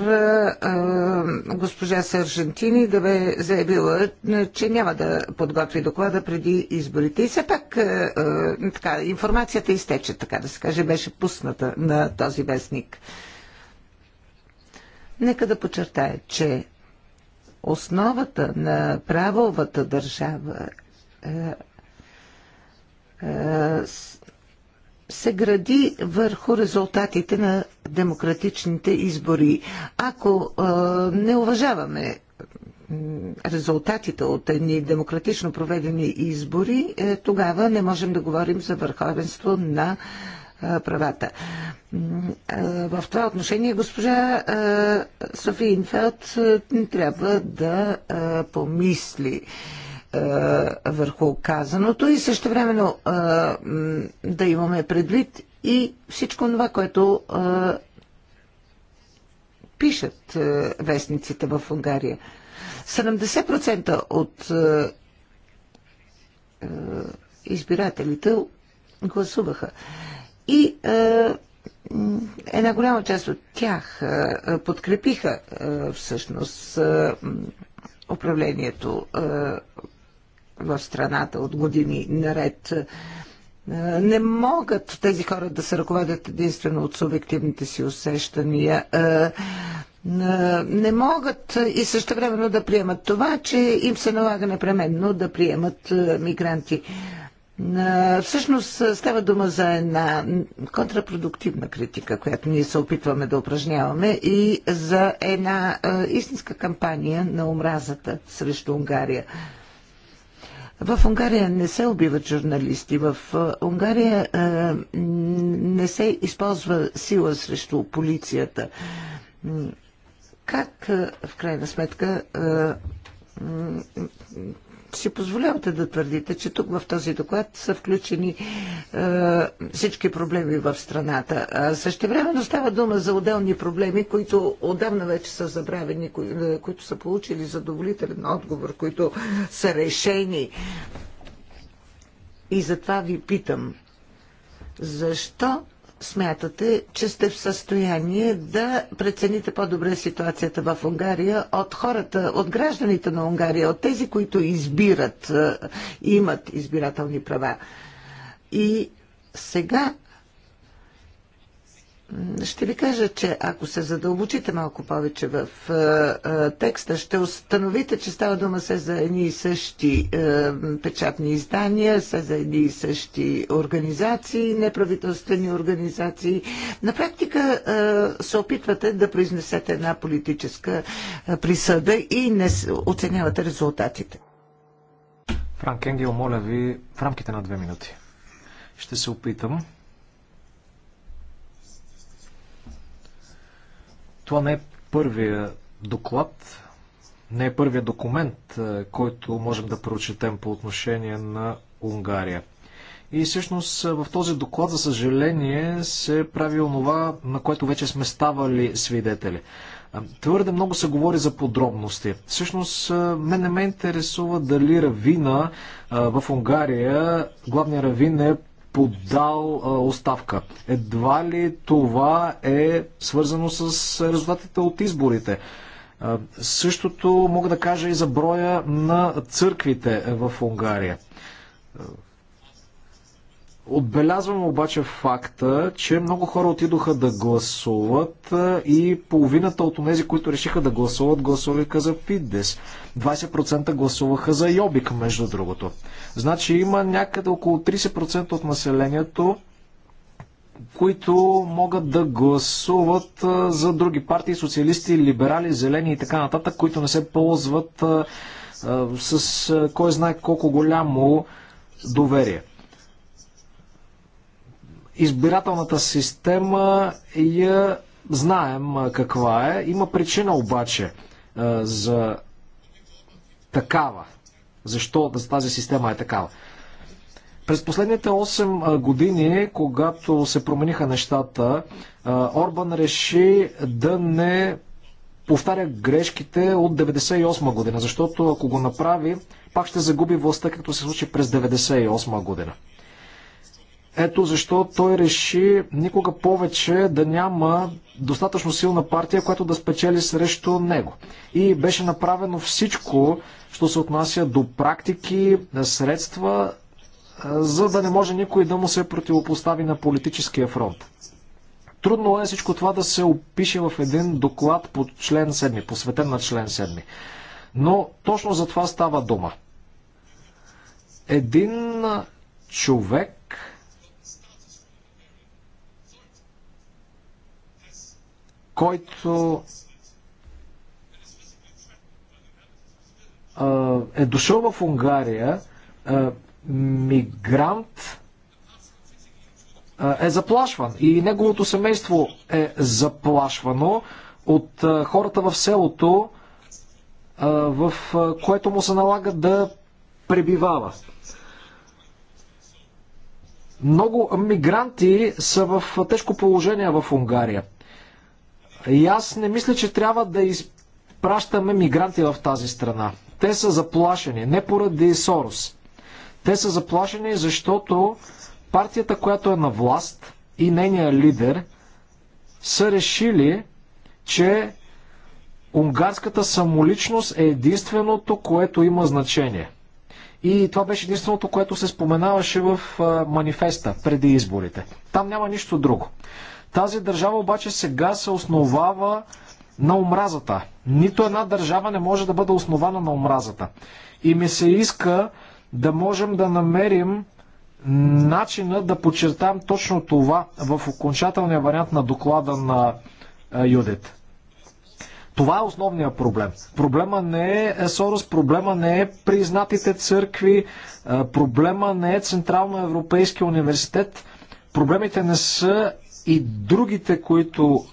[SPEAKER 3] госпожа Сържентини да бе заявила, че няма да подготви доклада преди изборите. И все пак така, информацията изтече, така да се каже, беше пусната на този вестник. Нека да подчертая, че основата на правовата държава е, е, се гради върху резултатите на демократичните избори. Ако не уважаваме резултатите от едни демократично проведени избори, е, тогава не можем да говорим за върховенство на правата. В това отношение госпожа Софи Инфелд трябва да помисли е, върху казаното и също времено е, да имаме предвид и всичко това, което е, пишат вестниците в Унгария. 70% от избирателите гласуваха. И една голяма част от тях подкрепиха всъщност управлението в страната от години наред. Не могат тези хора да се ръководят единствено от субективните си усещания. Не могат и също времено да приемат това, че им се налага непременно да приемат е, мигранти. Е, всъщност е, става дума за една контрапродуктивна критика, която ние се опитваме да упражняваме и за една истинска кампания на омразата срещу Унгария. В Унгария не се убиват журналисти. В е, Унгария е, не се използва сила срещу полицията. Как е, в крайна сметка си позволявате да твърдите, че тук в този доклад са включени е, всички проблеми в страната. А време става дума за отделни проблеми, които отдавна вече са забравени, кои, е, които са получили задоволителен отговор, които са решени. И затова ви питам, защо смятате, че сте в състояние да прецените по-добре ситуацията в Унгария от хората, от гражданите на Унгария, от тези, които избират, е, имат избирателни права. И сега ще ви кажа, че ако се задълбочите малко повече в е, е, текста, ще установите, че става дума се за едни и същи е, печатни издания, се за едни и същи организации, неправителствени организации. На практика се опитвате да произнесете една политическа присъда и не оценявате резултатите.
[SPEAKER 2] Франк Енгел, моля ви, в рамките на две минути. Ще се опитам. Това не е първия доклад, не е първия документ, е, който можем да прочетем по отношение на Унгария. И всъщност е, в този доклад, за съжаление, се прави онова, на което вече сме ставали свидетели. Е, твърде много се говори за подробности. Всъщност, мен не ме интересува дали равина в Унгария, главният равин е подал оставка. Едва ли това е свързано с резултатите от изборите. Същото мога да кажа и за броя на църквите в Унгария. Отбелязвам обаче факта, че много хора отидоха да гласуват и половината от тези, които решиха да гласуват, гласуваха за Фидес. 20% гласуваха за Йобик, между другото. Значи има някъде около 30% от населението, които могат да гласуват за други партии, социалисти, либерали, зелени и така нататък, които не се ползват с кой знае колко голямо доверие избирателната система я знаем каква е. Има причина обаче за такава. Защо тази система е такава? През последните 8 години, когато се промениха нещата, Орбан реши да не повтаря грешките от 98 година, защото ако го направи, пак ще загуби властта, както се случи през 98 година. Ето защо той реши никога повече да няма достатъчно силна партия, която да спечели срещу него. И беше направено всичко, що се отнася до практики, средства, за да не може никой да му се противопостави на политическия фронт. Трудно е всичко това да се опише в един доклад по член 7, посветен на член 7. Но точно за това става дума. Един човек който е дошъл в Унгария, мигрант е заплашван и неговото семейство е заплашвано от хората в селото, в което му се налага да пребивава. Много мигранти са в тежко положение в Унгария. И аз не мисля, че трябва да изпращаме мигранти в тази страна. Те са заплашени, не поради Сорос. Те са заплашени, защото партията, която е на власт и нейният лидер са решили, че унгарската самоличност е единственото, което има значение. И това беше единственото, което се споменаваше в манифеста преди изборите. Там няма нищо друго. Тази държава обаче сега се основава на омразата. Нито една държава не може да бъде основана на омразата. И ми се иска да можем да намерим начина да подчертаем точно това в окончателния вариант на доклада на е, Юдит. Това е основният проблем. Проблема не е Есорос, проблема не е признатите църкви, е, проблема не е Централно Европейския университет. Проблемите не са и другите, които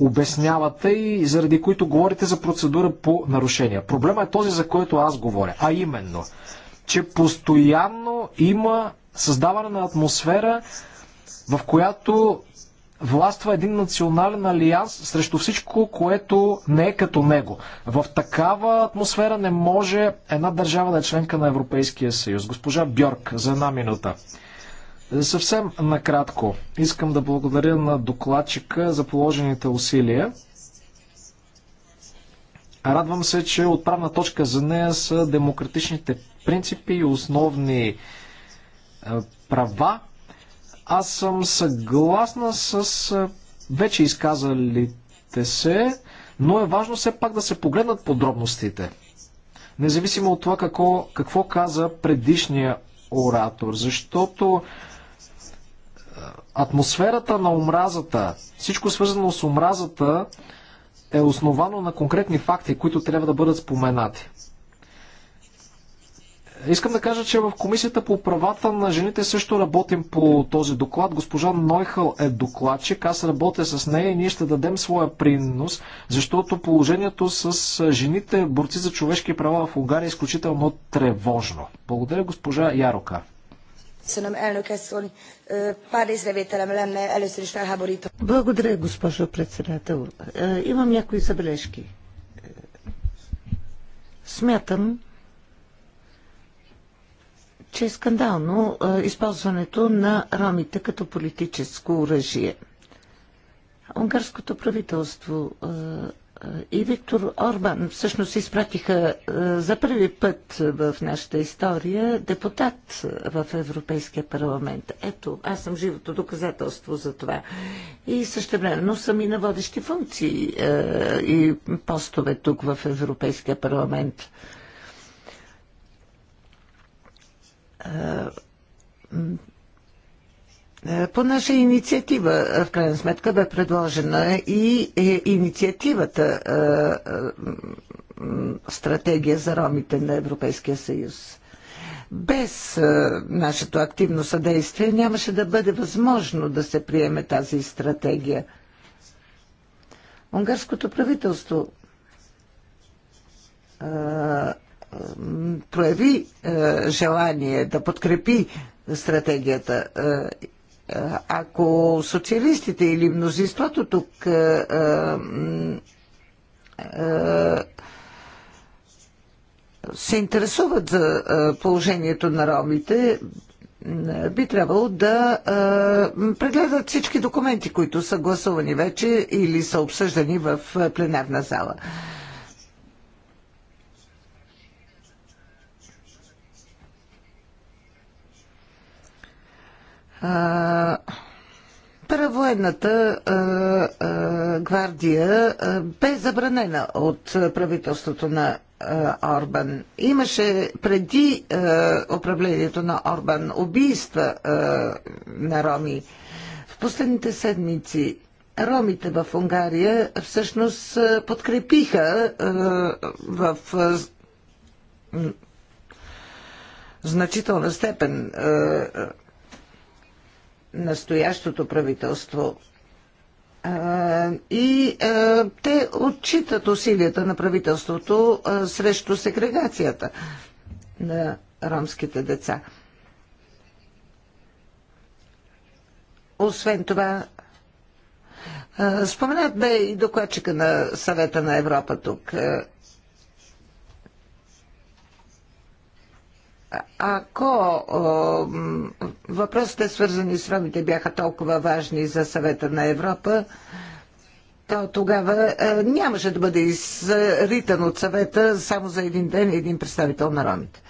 [SPEAKER 2] обяснявате и заради които говорите за процедура по нарушения. Проблема е този, за който аз говоря, а именно, че постоянно има създаване на атмосфера, в която властва един национален алианс срещу всичко, което не е като него. В такава атмосфера не може една държава да е членка на Европейския съюз. Госпожа Бьорк, за една минута. Съвсем накратко искам да благодаря на докладчика за положените усилия. Радвам се, че отправна точка за нея са демократичните принципи и основни е, права. Аз съм съгласна с е, вече изказалите се, но е важно все пак да се погледнат подробностите. Независимо от това какво, какво каза предишния оратор, защото атмосферата на омразата, всичко свързано с омразата, е основано на конкретни факти, които трябва да бъдат споменати. Искам да кажа, че в Комисията по правата на жените също работим по този доклад. Госпожа Нойхъл е докладчик, аз работя с нея и ние ще дадем своя принос, защото положението с жените борци за човешки права в Унгария е изключително тревожно. Благодаря госпожа Ярока.
[SPEAKER 3] Благодаря, госпожо председател. Е, имам някои забележки. Е, смятам, че е скандално е, използването на ромите като политическо оръжие. Унгарското правителство и Виктор Орбан всъщност изпратиха е, за първи път в нашата история депутат в Европейския парламент. Ето, аз съм живото доказателство за това. И но съм и на водещи функции е, и постове тук в Европейския парламент е, е, по наша инициатива, е, в крайна сметка, бе предложена и е, инициативата стратегия за ромите на Европейския съюз. Без нашето активно съдействие нямаше да бъде възможно да се приеме тази стратегия. Унгарското правителство прояви желание да подкрепи стратегията ако социалистите или мнозинството тук се интересуват за положението на ромите, би трябвало да прегледат всички документи, които са гласувани вече или са обсъждани в пленарна зала. Паравоенната гвардия бе забранена от правителството на Орбан. Имаше преди управлението на Орбан убийства на роми. В последните седмици ромите в Унгария всъщност подкрепиха в значителна степен настоящото правителство. И те отчитат усилията на правителството срещу сегрегацията на ромските деца. Освен това, споменат бе и докладчика на съвета на Европа тук. Ако въпросите свързани с ромите бяха толкова важни за съвета на Европа, то тогава е, нямаше да бъде изритан от съвета само за един ден един представител на ромите.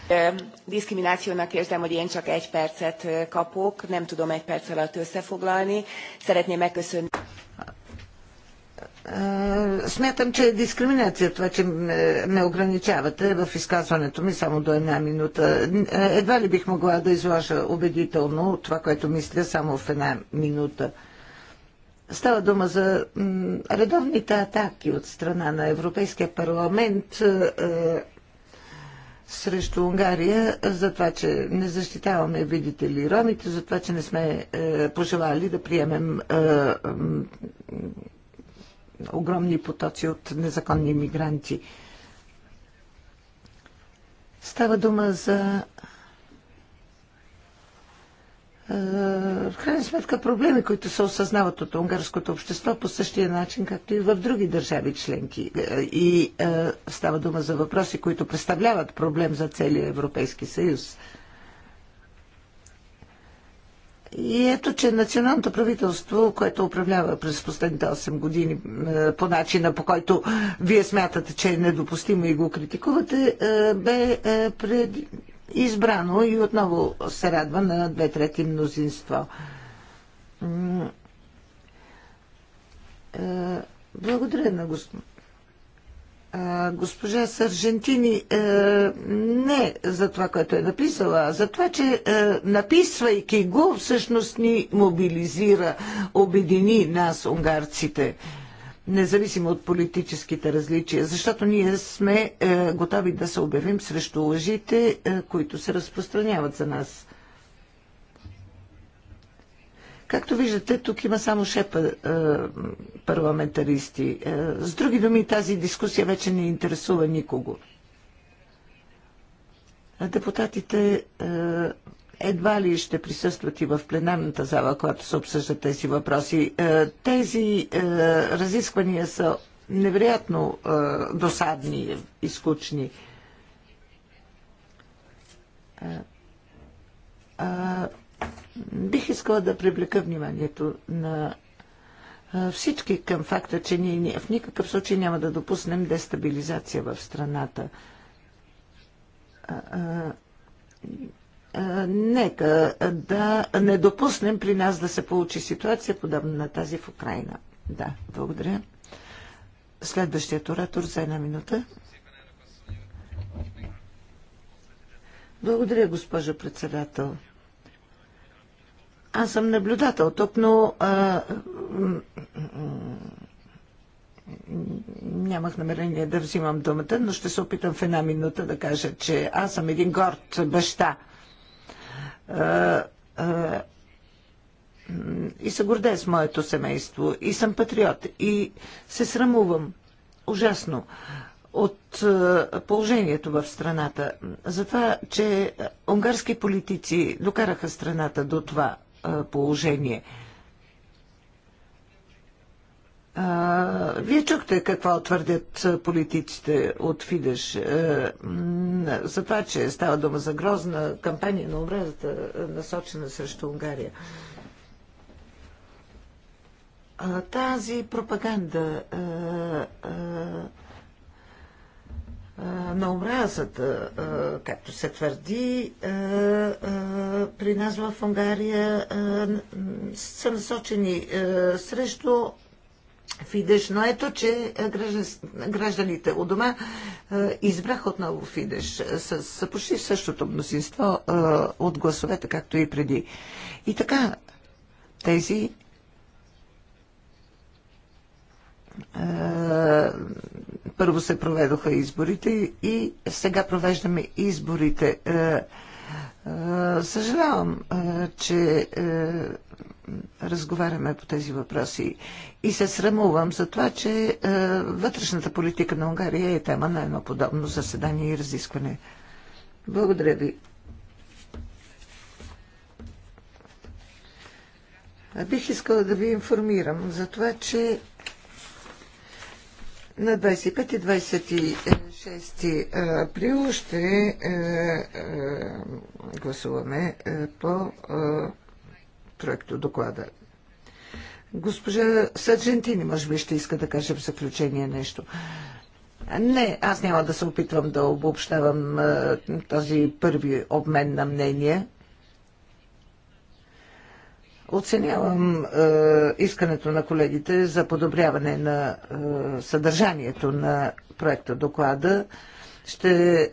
[SPEAKER 1] Diszkriminációnak érzem, hogy én csak egy percet kapok, nem tudom egy perc alatt összefoglalni. Szeretném megköszönni
[SPEAKER 3] смятам, че е дискриминация това, че е, ме ограничавате в изказването ми само до една минута. Е, едва ли бих могла да изложа убедително това, което мисля само в една минута. Става дума за редовните атаки от страна на Европейския парламент е, срещу Унгария за това, че не защитаваме, видите ли, ромите, за това, че не сме пожелали да приемем огромни потоци от незаконни мигранти. Става дума за е, в крайна сметка проблеми, които се осъзнават от унгарското общество по същия начин, както и в други държави членки. Е, и е, става дума за въпроси, които представляват проблем за целия Европейски съюз. И ето, че националното правителство, което управлява през последните 8 години е, по начина, по който вие смятате, че е недопустимо и го критикувате, е, бе е, пред... избрано и отново се радва на две трети мнозинство. Благодаря на господин госпожа Саржентини е, не за това, което е написала, а за това, че е, написвайки го, всъщност ни мобилизира, обедини нас, унгарците, независимо от политическите различия, защото ние сме е, готови да се обявим срещу лъжите, които се разпространяват за нас. Както виждате, тук има само шепа е, парламентаристи. Е, с други думи, тази дискусия вече не интересува никого. Депутатите е, едва ли ще присъстват и в пленарната зала, когато се обсъждат тези въпроси. Е, тези е, разисквания са невероятно е, досадни и скучни. Е, е, Бих искала да привлека вниманието на всички към факта, че ние в никакъв случай няма да допуснем дестабилизация в страната. Нека да не допуснем при нас да се получи ситуация, подобна на тази в Украина. Да, благодаря. Следващият оратор за една минута. Благодаря, госпожо председател. Аз съм наблюдател тук, но а, нямах намерение да взимам думата, но ще се опитам в една минута да кажа, че аз съм един горд баща. А, а, и се гордея с моето семейство, и съм патриот, и се срамувам ужасно от положението в страната. За това, че унгарски политици докараха страната до това положение. А, вие чухте какво твърдят политиците от Фидеш за това, че става дума за грозна кампания на обрезата, насочена срещу Унгария. А, тази пропаганда а, а, на омразата, както се твърди, при нас в Унгария са насочени срещу Фидеш, но ето, че гражданите у дома избрах отново Фидеш с почти същото мнозинство от гласовете, както и преди. И така, тези първо се проведоха изборите и сега провеждаме изборите. Е, е, съжалявам, е, че разговаряме по тези въпроси и се срамувам за това, че вътрешната политика на Унгария е тема на едно подобно заседание и разискване. Благодаря ви. Бих искала да ви информирам за това, че на 25 и 26 април ще е, е, гласуваме е, по проекто доклада. Госпожа Саджентини, може би ще иска да каже в заключение нещо. Не, аз няма да се опитвам да обобщавам този първи обмен на мнения. Оценявам е, искането на колегите за подобряване на е, съдържанието на проекта доклада. Ще е,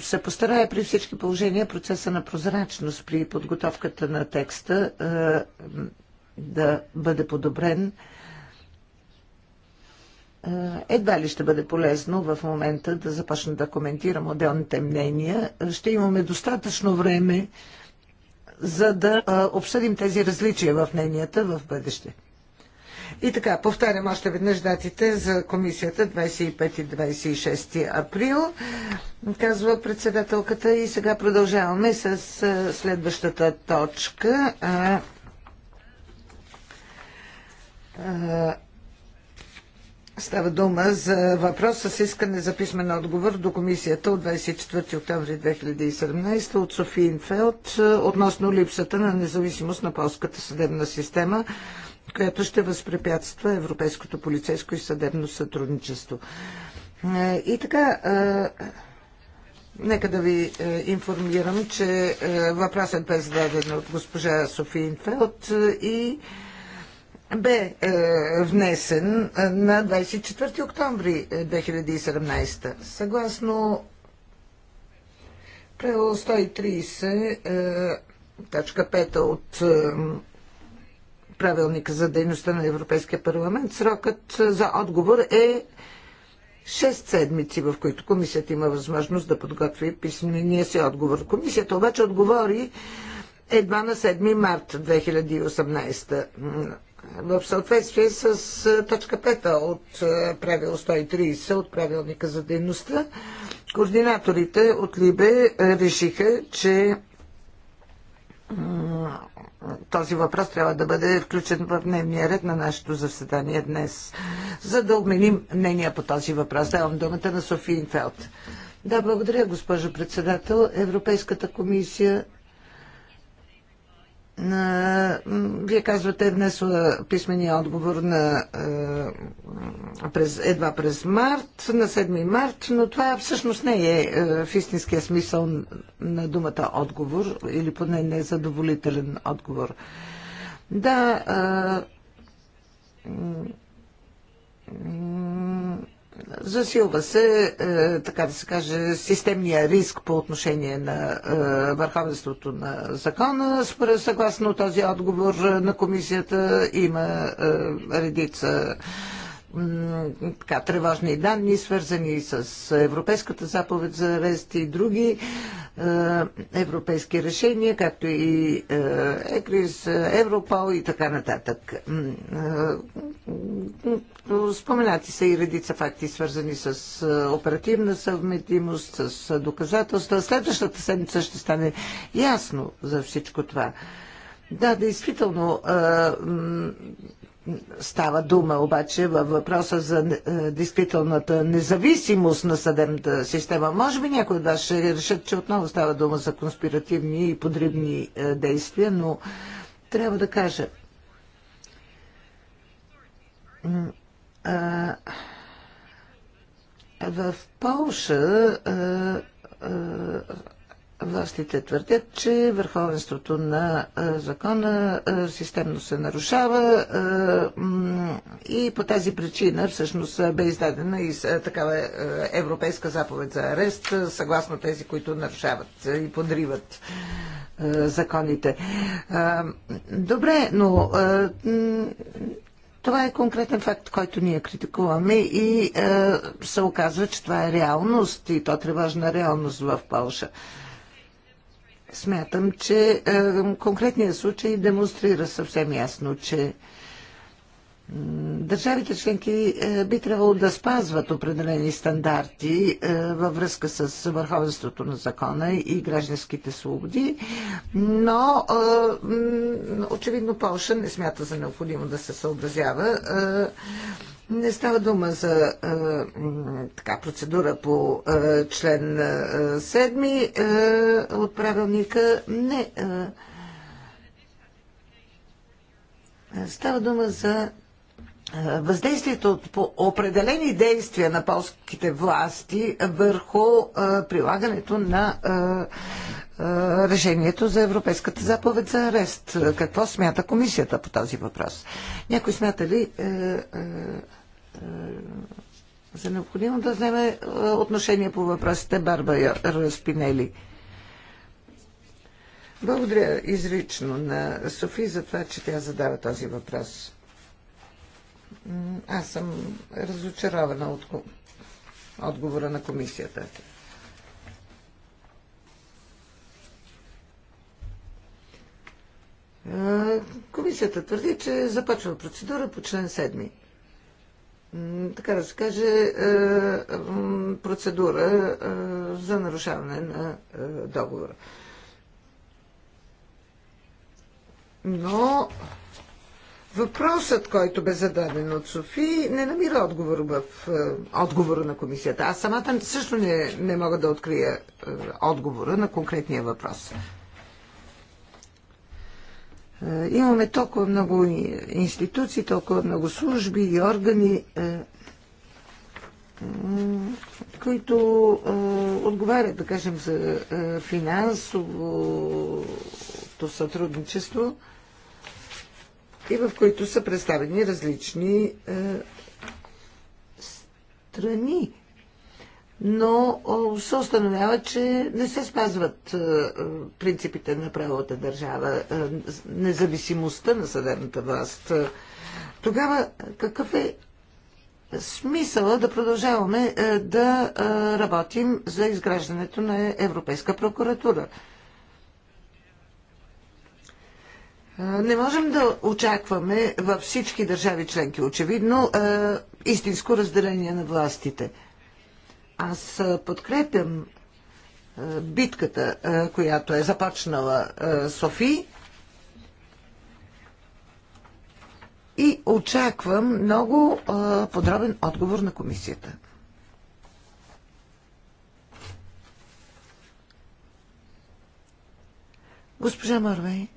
[SPEAKER 3] се постарая при всички положения процеса на прозрачност при подготовката на текста е, да бъде подобрен. Е, едва ли ще бъде полезно в момента да започна да коментирам отделните мнения. Ще имаме достатъчно време за да обсъдим тези различия в мненията в бъдеще. И така, повтарям още веднъж датите за комисията 25 и 26 април, казва председателката. И сега продължаваме с следващата точка. А, а, Става дума за въпрос с искане за писмен отговор до комисията от 24 октомври 2017 от Софи Инфелд е, относно липсата на независимост на полската съдебна система, която ще възпрепятства европейското полицейско и съдебно сътрудничество. Е, и така, е, нека да ви информирам, че въпросът бе зададен от госпожа Софи Инфелд и бе е, внесен е, на 24 октомври 2017. Е, Съгласно правило 130, е, точка 5 от е, правилника за дейността на Европейския парламент, срокът за отговор е 6 седмици, в които комисията има възможност да подготви писмения си отговор. Комисията обаче отговори едва на 7 март 2018 в съответствие с точка 5 от правило 130 от правилника за дейността, координаторите от Либе решиха, че този въпрос трябва да бъде включен в дневния ред на нашето заседание днес, за да обменим мнения по този въпрос. Давам думата на Софи Инфелд. Да, благодаря, госпожо председател. Европейската комисия вие казвате днес писмения отговор на, през, едва през март, на 7 март, но това всъщност не е в истинския смисъл на думата отговор или поне не е задоволителен отговор. Да, Засилва се, е, така да се каже, системния риск по отношение на е, върховенството на закона. Съгласно този отговор на комисията има е, редица така, тревожни данни, свързани с Европейската заповед за арест и други е, европейски решения, както и е, ЕКРИС, Европол и така нататък. Е, споменати са и редица факти, свързани с оперативна съвместимост, с доказателства. Следващата седмица ще стане ясно за всичко това. Да, действително Става дума обаче във въпроса за е, действителната независимост на съдебната система. Може би някои от вас ще решат, че отново става дума за конспиративни и подривни е, действия, но трябва да кажа. В Полша е, Властите твърдят, че върховенството на закона системно се нарушава и по тази причина всъщност бе издадена и такава е, европейска заповед за арест, съгласно тези, които нарушават и подриват законите. Добре, но това е конкретен факт, който ние критикуваме и се оказва, че това е реалност и то тревожна реалност в Польша. Смятам, че е, конкретният случай демонстрира съвсем ясно, че Държавите членки е, би трябвало да спазват определени стандарти е, във връзка с върховенството на закона и гражданските свободи, но очевидно Польша не смята за необходимо да се съобразява не става дума за а, е, така, процедура по а, е, член а, 7 а, от правилника. Не. А, е. става дума за а, въздействието от по определени действия на полските власти върху а, прилагането на а, а, решението за Европейската заповед за арест. Какво смята комисията по този въпрос? Някой смята ли. А, а, е, за необходимо да вземе е, отношение по въпросите Барба Распинели. Благодаря изрично на Софи за това, че тя задава този въпрос. Аз съм разочарована от отговора на комисията. Е, комисията твърди, че започва процедура по член 7 така да се каже, е, процедура е, за нарушаване на е, договора. Но въпросът, който бе зададен от Софи, не намира отговор в отговора на комисията. Аз самата също не, не мога да открия отговора на конкретния въпрос. Е, имаме толкова много институции, толкова много служби и органи, е, е, които отговарят, да кажем, за финансовото сътрудничество и в които са представени различни страни но се установява, че не се спазват принципите на правовата държава, независимостта на съдебната власт. Тогава какъв е смисъла да продължаваме да работим за изграждането на Европейска прокуратура? Не можем да очакваме във всички държави членки, очевидно, истинско разделение на властите – аз подкрепям битката, която е започнала Софи и очаквам много подробен отговор на комисията. Госпожа Марвей.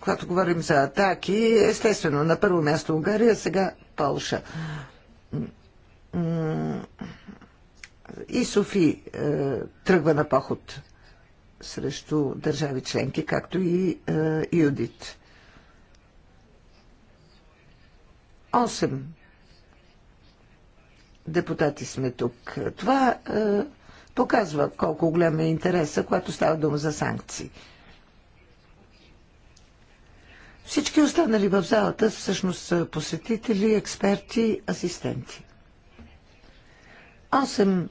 [SPEAKER 3] когато говорим за атаки, естествено, на първо място Унгария, сега Полша. И Софи е, тръгва на поход срещу държави членки, както и е, Юдит. Осем депутати сме тук. Това е, показва колко голям е интереса, когато става дума за санкции. Всички останали в залата всъщност са посетители, експерти, асистенти. Осем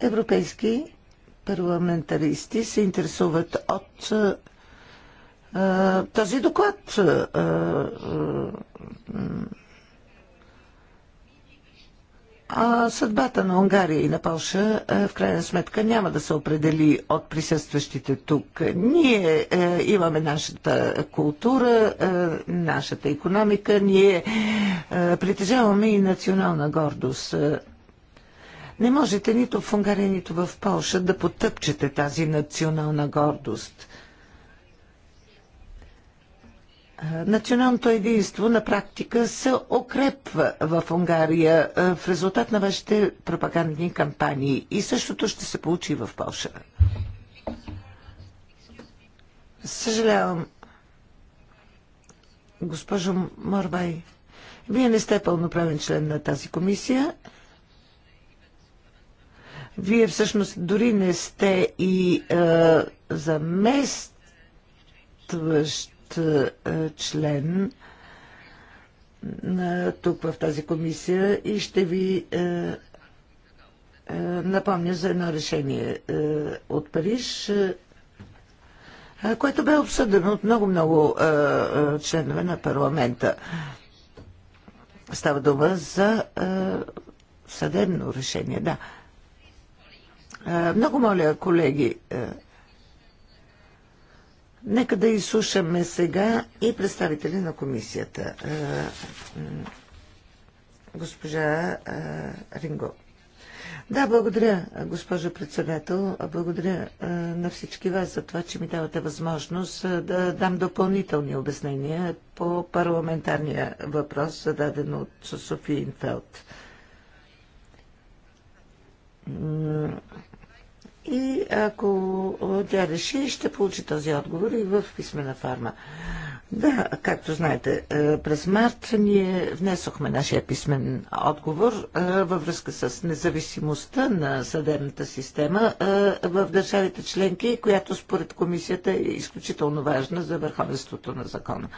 [SPEAKER 3] европейски парламентаристи се интересуват от този доклад. А съдбата на Унгария и на Польша е, в крайна сметка няма да се определи от присъстващите тук. Ние е, имаме нашата култура, е, нашата економика, ние е, притежаваме и национална гордост. Не можете нито в Унгария, нито в Польша да потъпчете тази национална гордост. Националното единство на практика се укрепва в Унгария в резултат на вашите пропагандни кампании и същото ще се получи в Польша. Съжалявам. Госпожо Морбай, вие не сте пълноправен член на тази комисия. Вие всъщност дори не сте и е, заместващ новият е, член е, тук в тази комисия и ще ви е, напомня за едно решение от Париж, което бе обсъдено от много-много членове на парламента. Става дума за съдебно решение, да. Много моля, колеги, Нека да изслушаме сега и представители на комисията. Госпожа Ринго. Да, благодаря, госпожо председател. Благодаря на всички вас за това, че ми давате възможност да дам допълнителни обяснения по парламентарния въпрос, зададен от Софи Инфелд и ако тя реши, ще получи този отговор и в писмена форма. Да, както знаете, е, през март ние внесохме нашия писмен отговор е, във връзка с независимостта на съдебната система е, в държавите членки, която според комисията е изключително важна за върховенството на закона.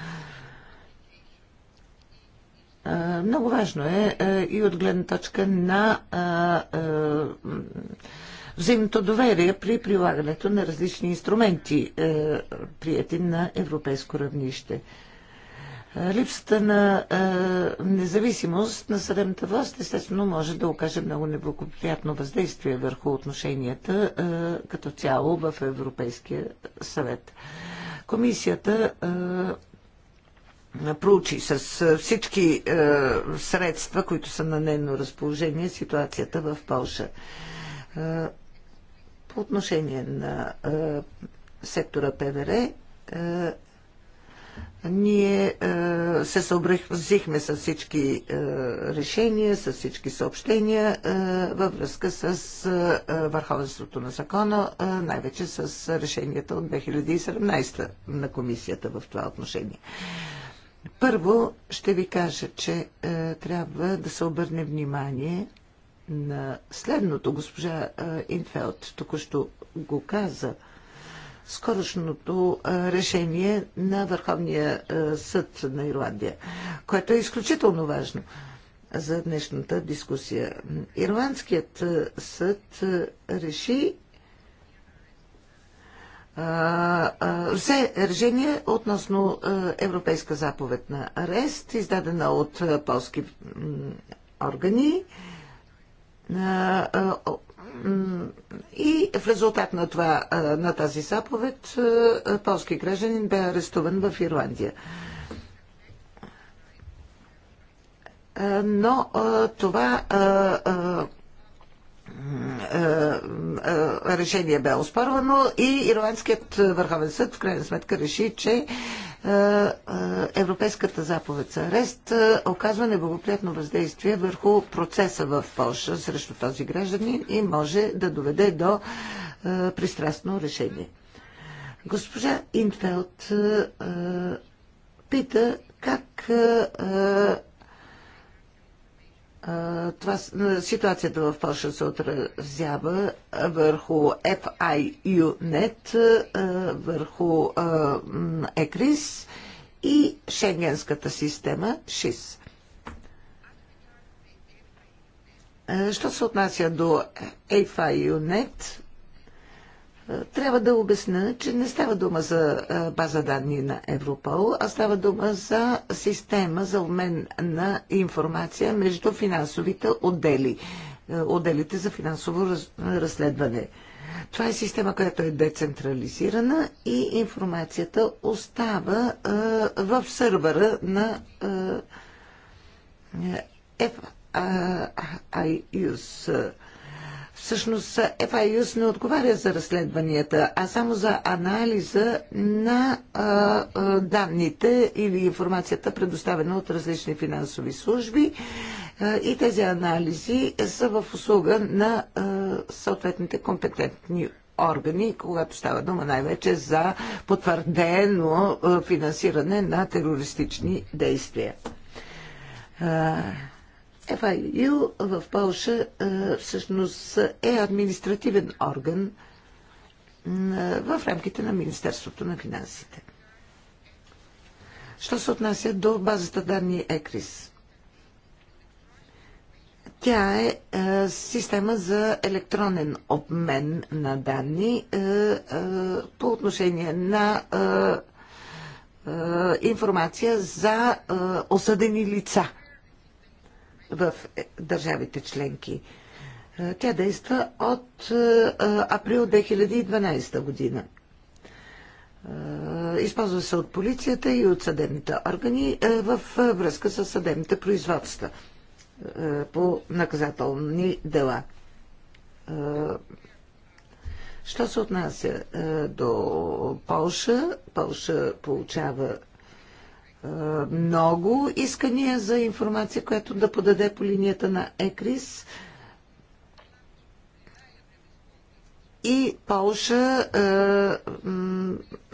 [SPEAKER 3] Много важно е и от гледна точка на взаимното доверие при прилагането на различни инструменти, е, прияти на европейско равнище. Е, липсата на е, независимост на съдебната власт естествено може да окаже много неблагоприятно въздействие върху отношенията е, като цяло в Европейския съвет. Комисията е, проучи с е, всички е, средства, които са на нейно разположение, ситуацията в Польша. По отношение на е, сектора ПВР, е, ние е, се съобразихме с всички е, решения, с всички съобщения е, във връзка с е, е върховенството на закона, е, най-вече с решенията от 2017 на комисията в това отношение. Първо ще ви кажа, че е, трябва да се обърне внимание на следното. Госпожа Инфелд току-що го каза. Скорошното решение на Върховния съд на Ирландия, което е изключително важно за днешната дискусия. Ирландският съд реши взе решение относно европейска заповед на арест, издадена от полски органи. И в резултат на, това, на тази заповед полски гражданин бе арестуван в Ирландия. Но това решение бе оспорвано и Ирландският върховен съд в крайна сметка реши, че е, е, Европейската заповед за арест е, оказва неблагоприятно въздействие върху процеса в Польша срещу този гражданин и може да доведе до пристрастно решение. Госпожа Инфелд пита как това, ситуацията в Польша се отразява върху FIUNet, върху ЕКРИС и Шенгенската система ШИС. Що се отнася до FIUNet, трябва да обясня, че не става дума за база данни на Европол, а става дума за система за обмен на информация между финансовите отдели, отделите за финансово разследване. Това е система, която е децентрализирана и информацията остава в сървъра на FIUS. Всъщност FIUS не отговаря за разследванията, а само за анализа на а, а, данните или информацията, предоставена от различни финансови служби. А, и тези анализи са в услуга на а, съответните компетентни органи, когато става дума най-вече за потвърдено финансиране на терористични действия. Еваил в Польша всъщност е административен орган в рамките на Министерството на финансите. Що се отнася до базата данни ЕКРИС? Тя е, система за електронен обмен на данни по отношение на информация за осъдени лица – в е, държавите членки. Е, тя действа от е, април 2012 година. Използва се от полицията и от съдебните органи в връзка с съдебните производства по наказателни дела. Що се отнася до Полша, Полша получава много искания за информация, която да подаде по линията на ЕКРИС. И Полша, е,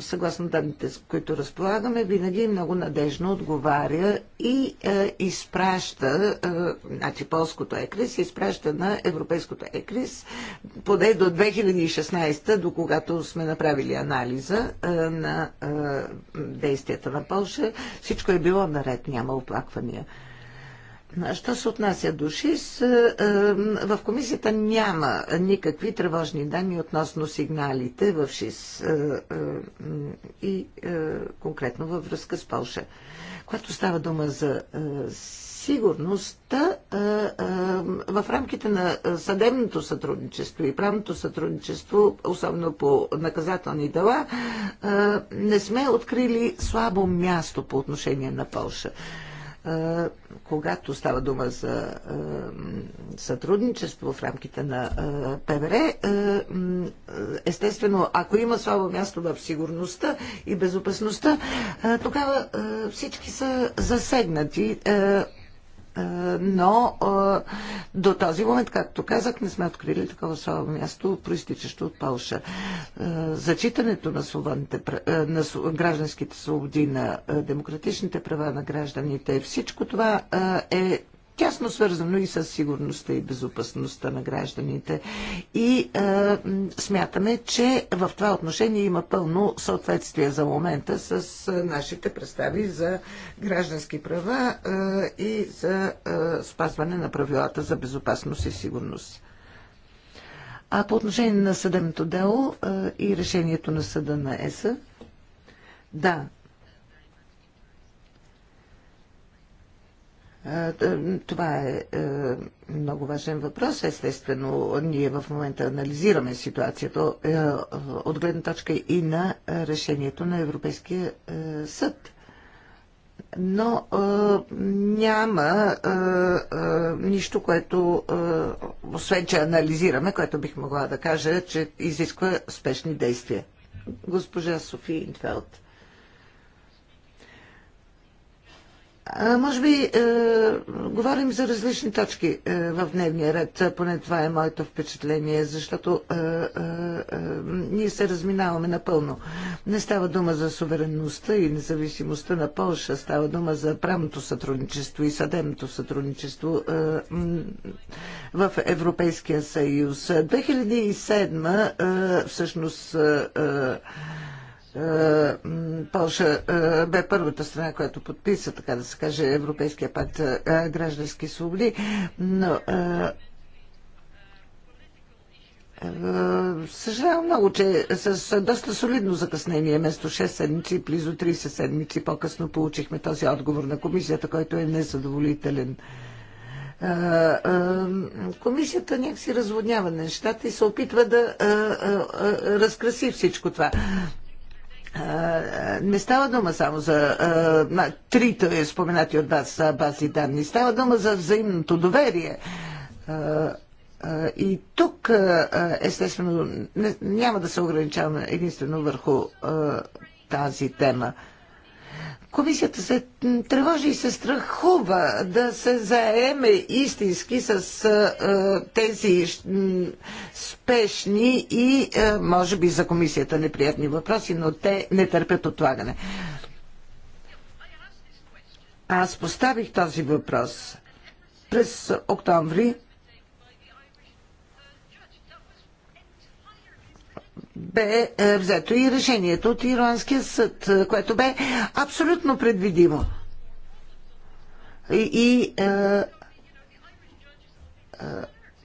[SPEAKER 3] съгласно данните, с които разполагаме, винаги много надежно отговаря и е, изпраща, е, значи полското ЕКРИС изпраща на европейското ЕКРИС поне до 2016, до когато сме направили анализа на действията на Полша. Всичко е било наред, няма оплаквания. Що се отнася до ШИС, е, е, в комисията няма никакви тревожни данни относно сигналите в ШИС е, и конкретно във връзка с Польша. Когато става дума за сигурността в рамките на съдебното сътрудничество и правното сътрудничество, особено по наказателни дела, не сме открили слабо място по отношение на Польша когато става дума за сътрудничество в рамките на ПВР, естествено, ако има слабо място в сигурността и безопасността, тогава всички са засегнати е, но е, до този момент, както казах, не сме открили такова слабо място, проистичащо от Полша. Е, зачитането на, свободните, на гражданските свободи, на демократичните права на гражданите, всичко това е тясно свързано и с сигурността и безопасността на гражданите. И е, смятаме, че в това отношение има пълно съответствие за момента с е, нашите представи за граждански права е, и за е, спазване на правилата за безопасност и сигурност. А по отношение на съдебното дело е, и решението на съда на ЕСА, да, Това е, е много важен въпрос. Естествено, ние в момента анализираме ситуацията е, от гледна точка и на решението на Европейския е, съд. Но няма нищо, което, освен че анализираме, което бих могла да кажа, че изисква спешни действия. Госпожа Софи Инфелд. Може би е, говорим за различни точки е, в дневния ред, поне това е моето впечатление, защото е, е, е, ние се разминаваме напълно. Не става дума за суверенността и независимостта на Польша, става дума за правното сътрудничество и съдебното сътрудничество е, в Европейския съюз. 2007 е, всъщност. Е, е е, Польша е, бе първата страна, която подписа, така да се каже, Европейския пакт за е, граждански свободи, но Съжалявам много, че с доста солидно закъснение, вместо 6 седмици, близо 30 седмици по-късно получихме този отговор на комисията, който е незадоволителен. Комисията някакси разводнява нещата и се опитва да разкраси всичко това не става дума само за а, трите споменати от вас бази данни. Става дума за взаимното доверие. А, и тук, естествено, няма да се ограничаваме единствено върху тази тема. Комисията се тревожи и се страхува да се заеме истински с а, тези спешни и, а, може би, за комисията неприятни въпроси, но те не търпят отлагане. Аз поставих този въпрос през октомври бе е, взето и решението от Ирландския съд, е, което бе абсолютно предвидимо. И, и е,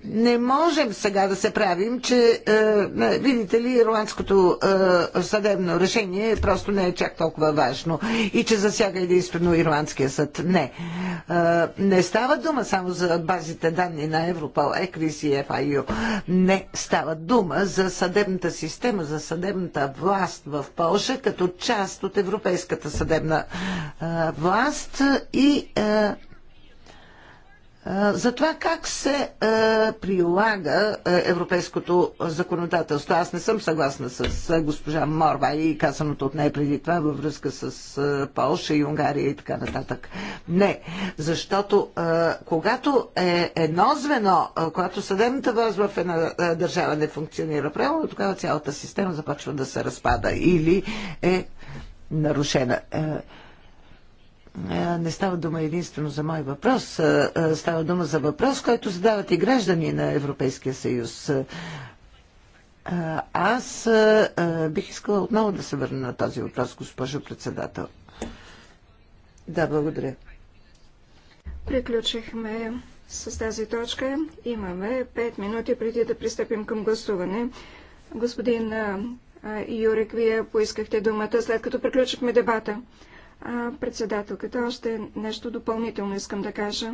[SPEAKER 3] не можем сега да се правим, че е, е, видите ли, ирландското е, съдебно решение просто не е чак толкова важно и че засяга единствено ирландския съд. Не. Е, не става дума само за базите данни на Европол, ЕКРИС и ФАИО. Не става дума за съдебната система, за съдебната власт в Польша, като част от европейската съдебна е, власт и е, за това как се прилага европейското законодателство. Аз не съм съгласна с госпожа Морва и казаното от нея преди това във връзка с Полша и Унгария и така нататък. Не, защото когато е едно звено, когато съдебната власт в една държава не функционира правилно, тогава цялата система започва да се разпада или е нарушена. Е, е, не става дума единствено за мой въпрос, става дума за въпрос, който задават и граждани на Европейския съюз. Е, аз е, бих искала отново да се върна на този въпрос, госпожо председател. Да, благодаря.
[SPEAKER 1] Приключихме с тази точка. Имаме 5 минути преди да пристъпим към гласуване. Господин Юрик, вие поискахте думата, след като приключихме дебата председателката. Още нещо допълнително искам да кажа.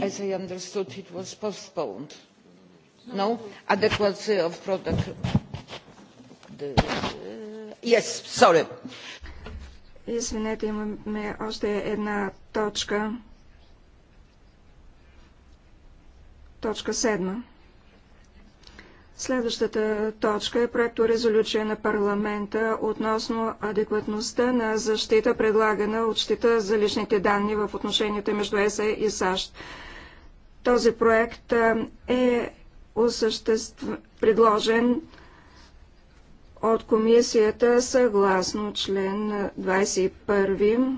[SPEAKER 1] As I understood, it was postponed. No? Adequacy of product.
[SPEAKER 3] The... Uh, yes, sorry.
[SPEAKER 1] Извинете, имаме още една точка. Точка седма. Следващата точка е проекто резолюция на парламента относно адекватността на защита, предлагана от щита за личните данни в отношенията между ЕСА и САЩ. Този проект е осъществ... предложен от комисията съгласно член 21.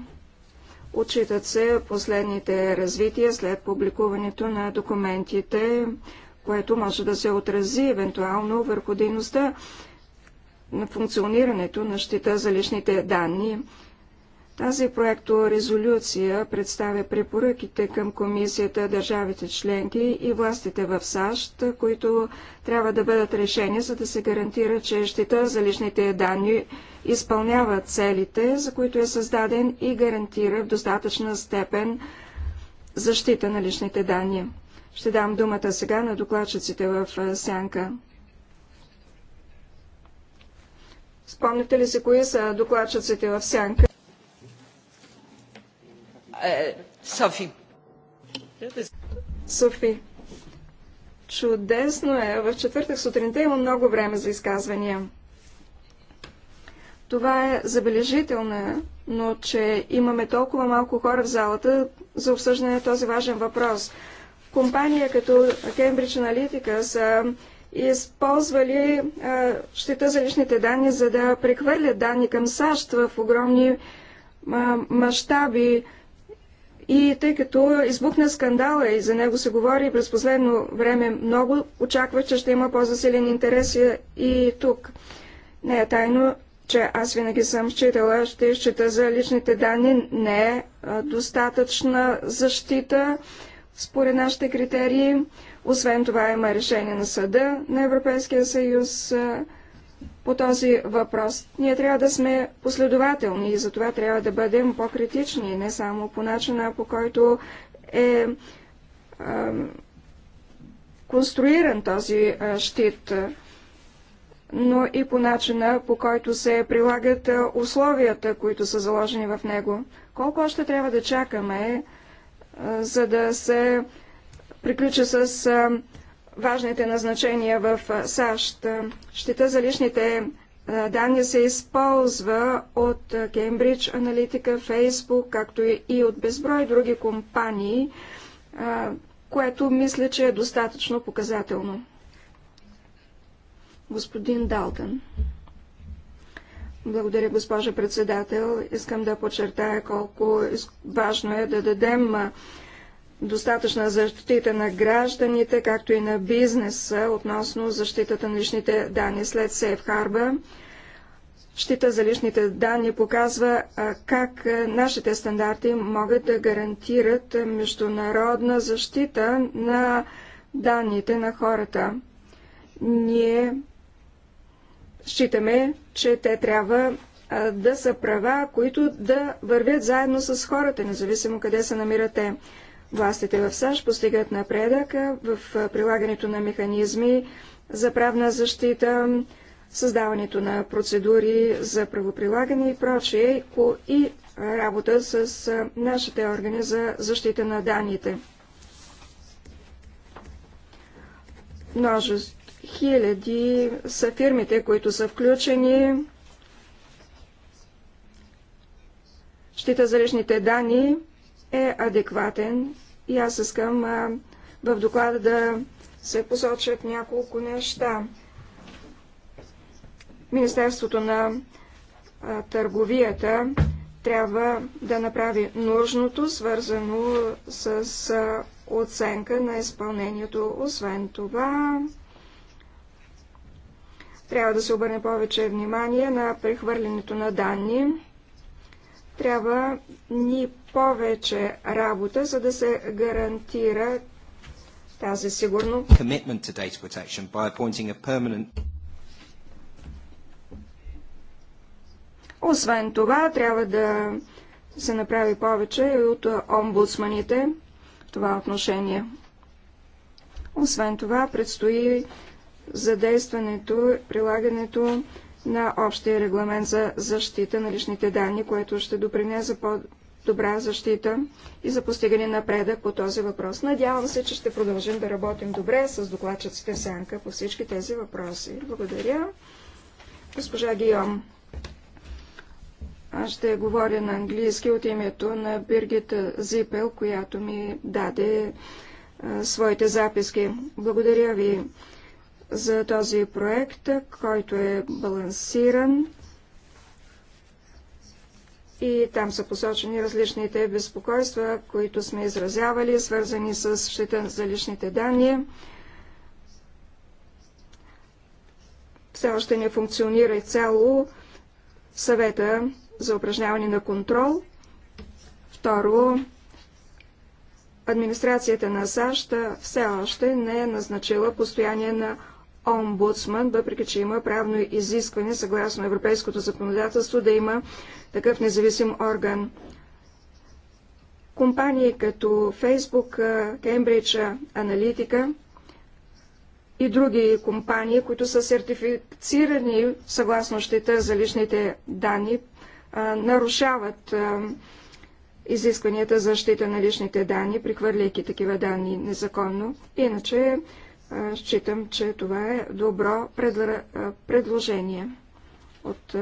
[SPEAKER 1] Отчитат се последните развития след публикуването на документите което може да се отрази евентуално върху дейността на функционирането на щита за личните данни. Тази резолюция представя препоръките към комисията, държавите членки и властите в САЩ, които трябва да бъдат решени, за да се гарантира, че щита за личните данни изпълнява целите, за които е създаден и гарантира в достатъчна степен защита на личните данни. Ще дам думата сега на докладчиците в сянка. Спомняте ли се кои са докладчиците в сянка? Е, Софи. Софи. Чудесно е. В четвъртък сутринта има много време за изказвания. Това е забележително, но че имаме толкова малко хора в залата за обсъждане на този важен въпрос компания като Cambridge Analytica са използвали а, щита за личните данни, за да прехвърлят данни към САЩ в огромни мащаби. И тъй като избухна скандала и за него се говори през последно време много, очаква, че ще има по-засилен интерес и тук. Не е тайно, че аз винаги съм считала, ще изчита за личните данни не е достатъчна защита според нашите критерии. Освен това има решение на съда на Европейския съюз по този въпрос. Ние трябва да сме последователни и затова трябва да бъдем по-критични, не само по начина, по който е а, конструиран този а, щит, но и по начина, по който се прилагат условията, които са заложени в него. Колко още трябва да чакаме за да се приключа с важните назначения в САЩ. Щита за личните данни се използва от Кембридж Аналитика, Фейсбук, както и от безброй други компании, което мисля, че е достатъчно показателно. Господин Далтън. Благодаря, госпожа председател. Искам да подчертая колко важно е да дадем достатъчна защита на гражданите, както и на бизнеса относно защитата на личните данни след Сейф Harbor. Щита за личните данни показва как нашите стандарти могат да гарантират международна защита на данните на хората. Ние Считаме, че те трябва да са права, които да вървят заедно с хората, независимо къде се намират те. Властите в САЩ постигат напредък в прилагането на механизми за правна защита, създаването на процедури за правоприлагане и прочие, и работа с нашите органи за защита на данните. Множество хиляди са фирмите, които са включени. Щита за личните данни е адекватен и аз искам в доклада да се посочат няколко неща. Министерството на търговията трябва да направи нужното, свързано с оценка на изпълнението. Освен това, трябва да се обърне повече внимание на прехвърлянето на данни. Трябва ни повече работа, за да се гарантира тази сигурност. Освен това, трябва да се направи повече и от омбудсманите в това отношение. Освен това, предстои задействането, прилагането на общия регламент за защита на личните данни, което ще доприне за по-добра защита и за постигане напредък по този въпрос. Надявам се, че ще продължим да работим добре с докладчиците в Сянка по всички тези въпроси. Благодаря. Госпожа Гиом. Аз ще говоря на английски от името на Биргита Зипел, която ми даде а, своите записки. Благодаря ви за този проект, който е балансиран и там са посочени различните безпокойства, които сме изразявали, свързани с щита за личните данни. Все още не функционира и цяло съвета за упражняване на контрол. Второ, администрацията на САЩ все още не е назначила постояние на омбудсман, въпреки че има правно изискване съгласно европейското законодателство да има такъв независим орган. Компании като Facebook, Cambridge Analytica и други компании, които са сертифицирани съгласно щита за личните данни, нарушават изискванията за щита на личните данни, прихвърляйки такива данни незаконно. Иначе Считам, че това е добро предложение от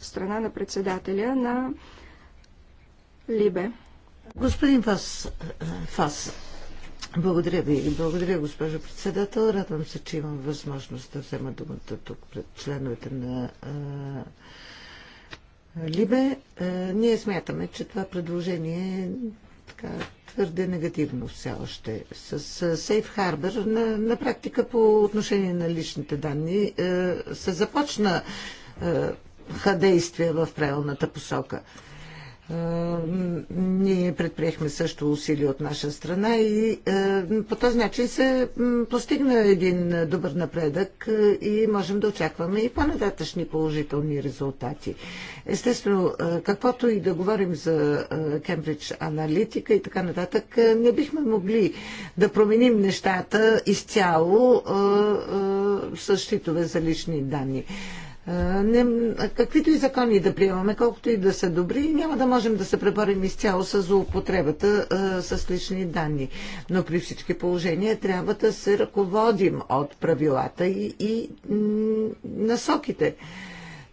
[SPEAKER 1] страна на председателя на Либе.
[SPEAKER 3] Господин Фас, Фас, благодаря ви. Благодаря, госпожо председател. Радвам се, че имам възможност да взема думата тук пред членовете на Либе. Ние смятаме, че това предложение е така, твърде негативно все още. С Safe Harbor на, на практика по отношение на личните данни е, се започна е, действия в правилната посока. Ние предприехме също усилия от наша страна и по този начин се постигна един добър напредък и можем да очакваме и по-нататъчни положителни резултати. Естествено, каквото и да говорим за Кембридж аналитика и така нататък, не бихме могли да променим нещата изцяло с щитове за лични данни. Не, каквито и закони да приемаме, колкото и да са добри, няма да можем да се преборим изцяло с злоупотребата а, с лични данни. Но при всички положения трябва да се ръководим от правилата и, и насоките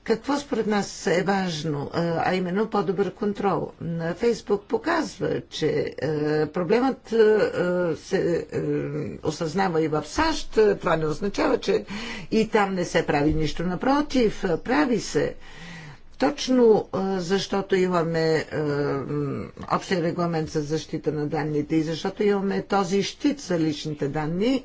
[SPEAKER 3] какво според нас е важно, а именно по-добър контрол? Фейсбук показва, че проблемът се осъзнава и в САЩ. Това не означава, че и там не се прави нищо. Напротив, прави се. Точно защото имаме общия регламент за защита на данните и защото имаме този щит за личните данни,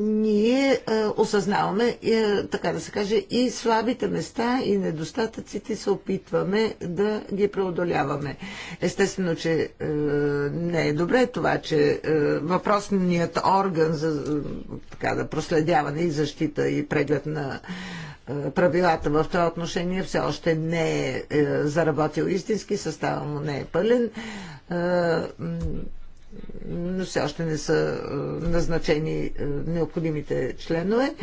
[SPEAKER 3] ние е, осъзнаваме, е, така да се каже, и слабите места, и недостатъците, се опитваме да ги преодоляваме. Естествено, че е, не е добре това, че въпросният орган за така, да проследяване и защита и преглед на правилата в това отношение все още не е заработил истински, състава му не е пълен но все още не са е, назначени е, необходимите членове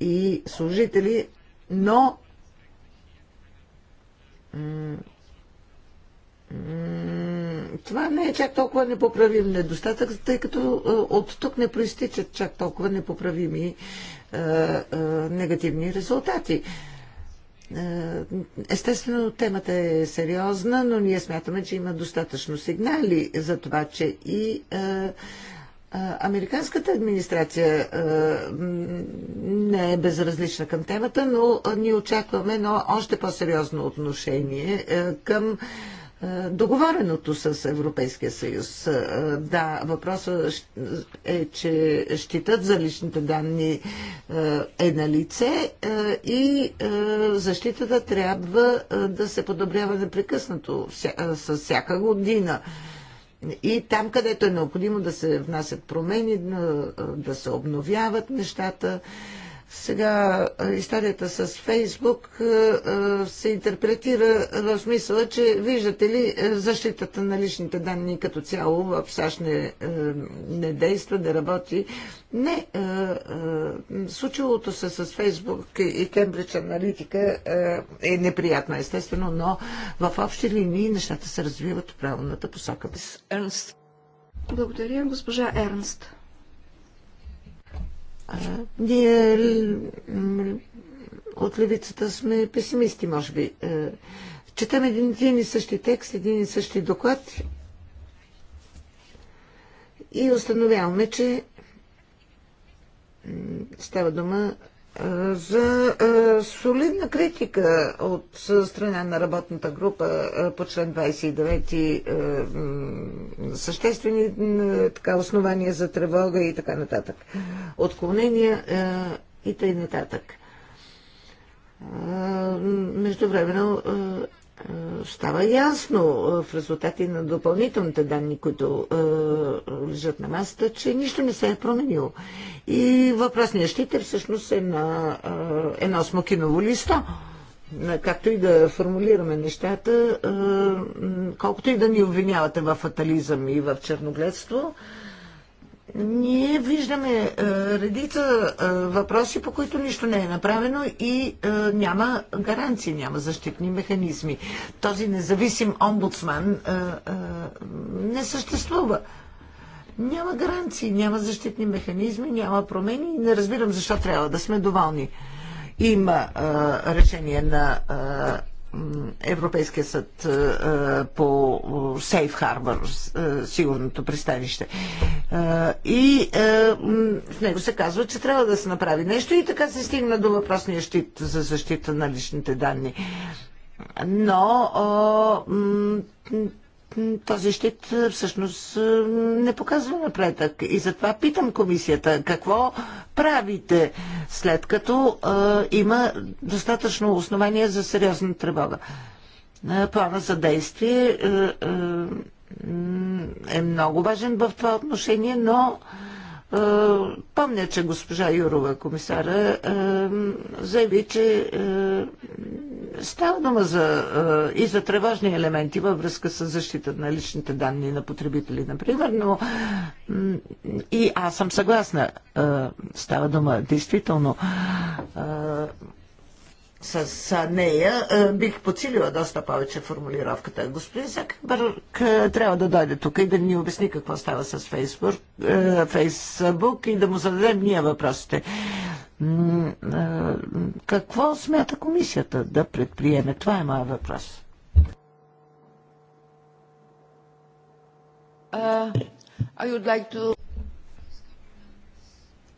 [SPEAKER 3] и служители, но това не е чак толкова непоправим недостатък, тъй като е, от тук не проистичат чак толкова непоправими негативни резултати. Е, естествено, темата е сериозна, но ние смятаме, че има достатъчно сигнали за това, че и е, е, Американската администрация не е безразлична към темата, но ние очакваме едно още по-сериозно отношение към е, договореното с Европейския съюз. Е, да, въпросът е, че щитът за личните данни е, е на лице и защитата трябва да се подобрява непрекъснато с всяка година. И там, където е необходимо да се внасят промени, да се обновяват нещата, сега историята с Фейсбук се интерпретира в смисъла, че виждате ли защитата на личните данни като цяло в САЩ не, не действа, не работи. Не, случилото се с Фейсбук и Кембридж аналитика е неприятно, естествено, но в общи линии нещата се развиват в правилната посока.
[SPEAKER 1] Благодаря, госпожа Ернст. Ние
[SPEAKER 3] от левицата сме песимисти, може би. Е, четем един и същи текст, един и същи доклад и установяваме, че става дума за солидна критика от страна на работната група по член 29 съществени така, основания за тревога и така нататък. Отклонения и така нататък. Междувременно е, става ясно е, в резултати на допълнителните данни, които е, лежат на масата, че нищо не се е променило. И въпросният е всъщност е на е, едно смокиново листо. Както и да формулираме нещата, е, колкото и да ни обвинявате в фатализъм и в черногледство, е, ние виждаме а, е, редица а, е, въпроси, по които нищо не е направено и а, е, няма гаранции, няма защитни механизми. Този независим омбудсман а, а, не съществува. Няма гаранции, няма защитни механизми, няма промени и не разбирам защо трябва да сме доволни. Има а, решение на Европейския съд е, е, по Сейф Харбър, сигурното пристанище. Е, и в него се казва, че трябва да се направи нещо и така се стигна до въпросния щит за защита на личните данни. Но този щит е, всъщност е, не показва напредък. И затова питам комисията, какво правите след като а, е, има достатъчно основания за сериозна тревога? Е, плана за действие е, а, е много важен в това отношение, но а, е, помня, че госпожа Юрова, комисара, е, заяви, че е, става дума за, и за тревожни елементи във връзка с защита на личните данни на потребители, например, но и аз съм съгласна. Става дума действително с нея бих подсилила доста повече формулировката. Господин Сакбърг трябва да дойде тук и да ни обясни какво става с Фейсбук, Фейсбук и да му зададем ние въпросите. Какво смята комисията да предприеме? Това е моят въпрос.
[SPEAKER 1] Uh, like to...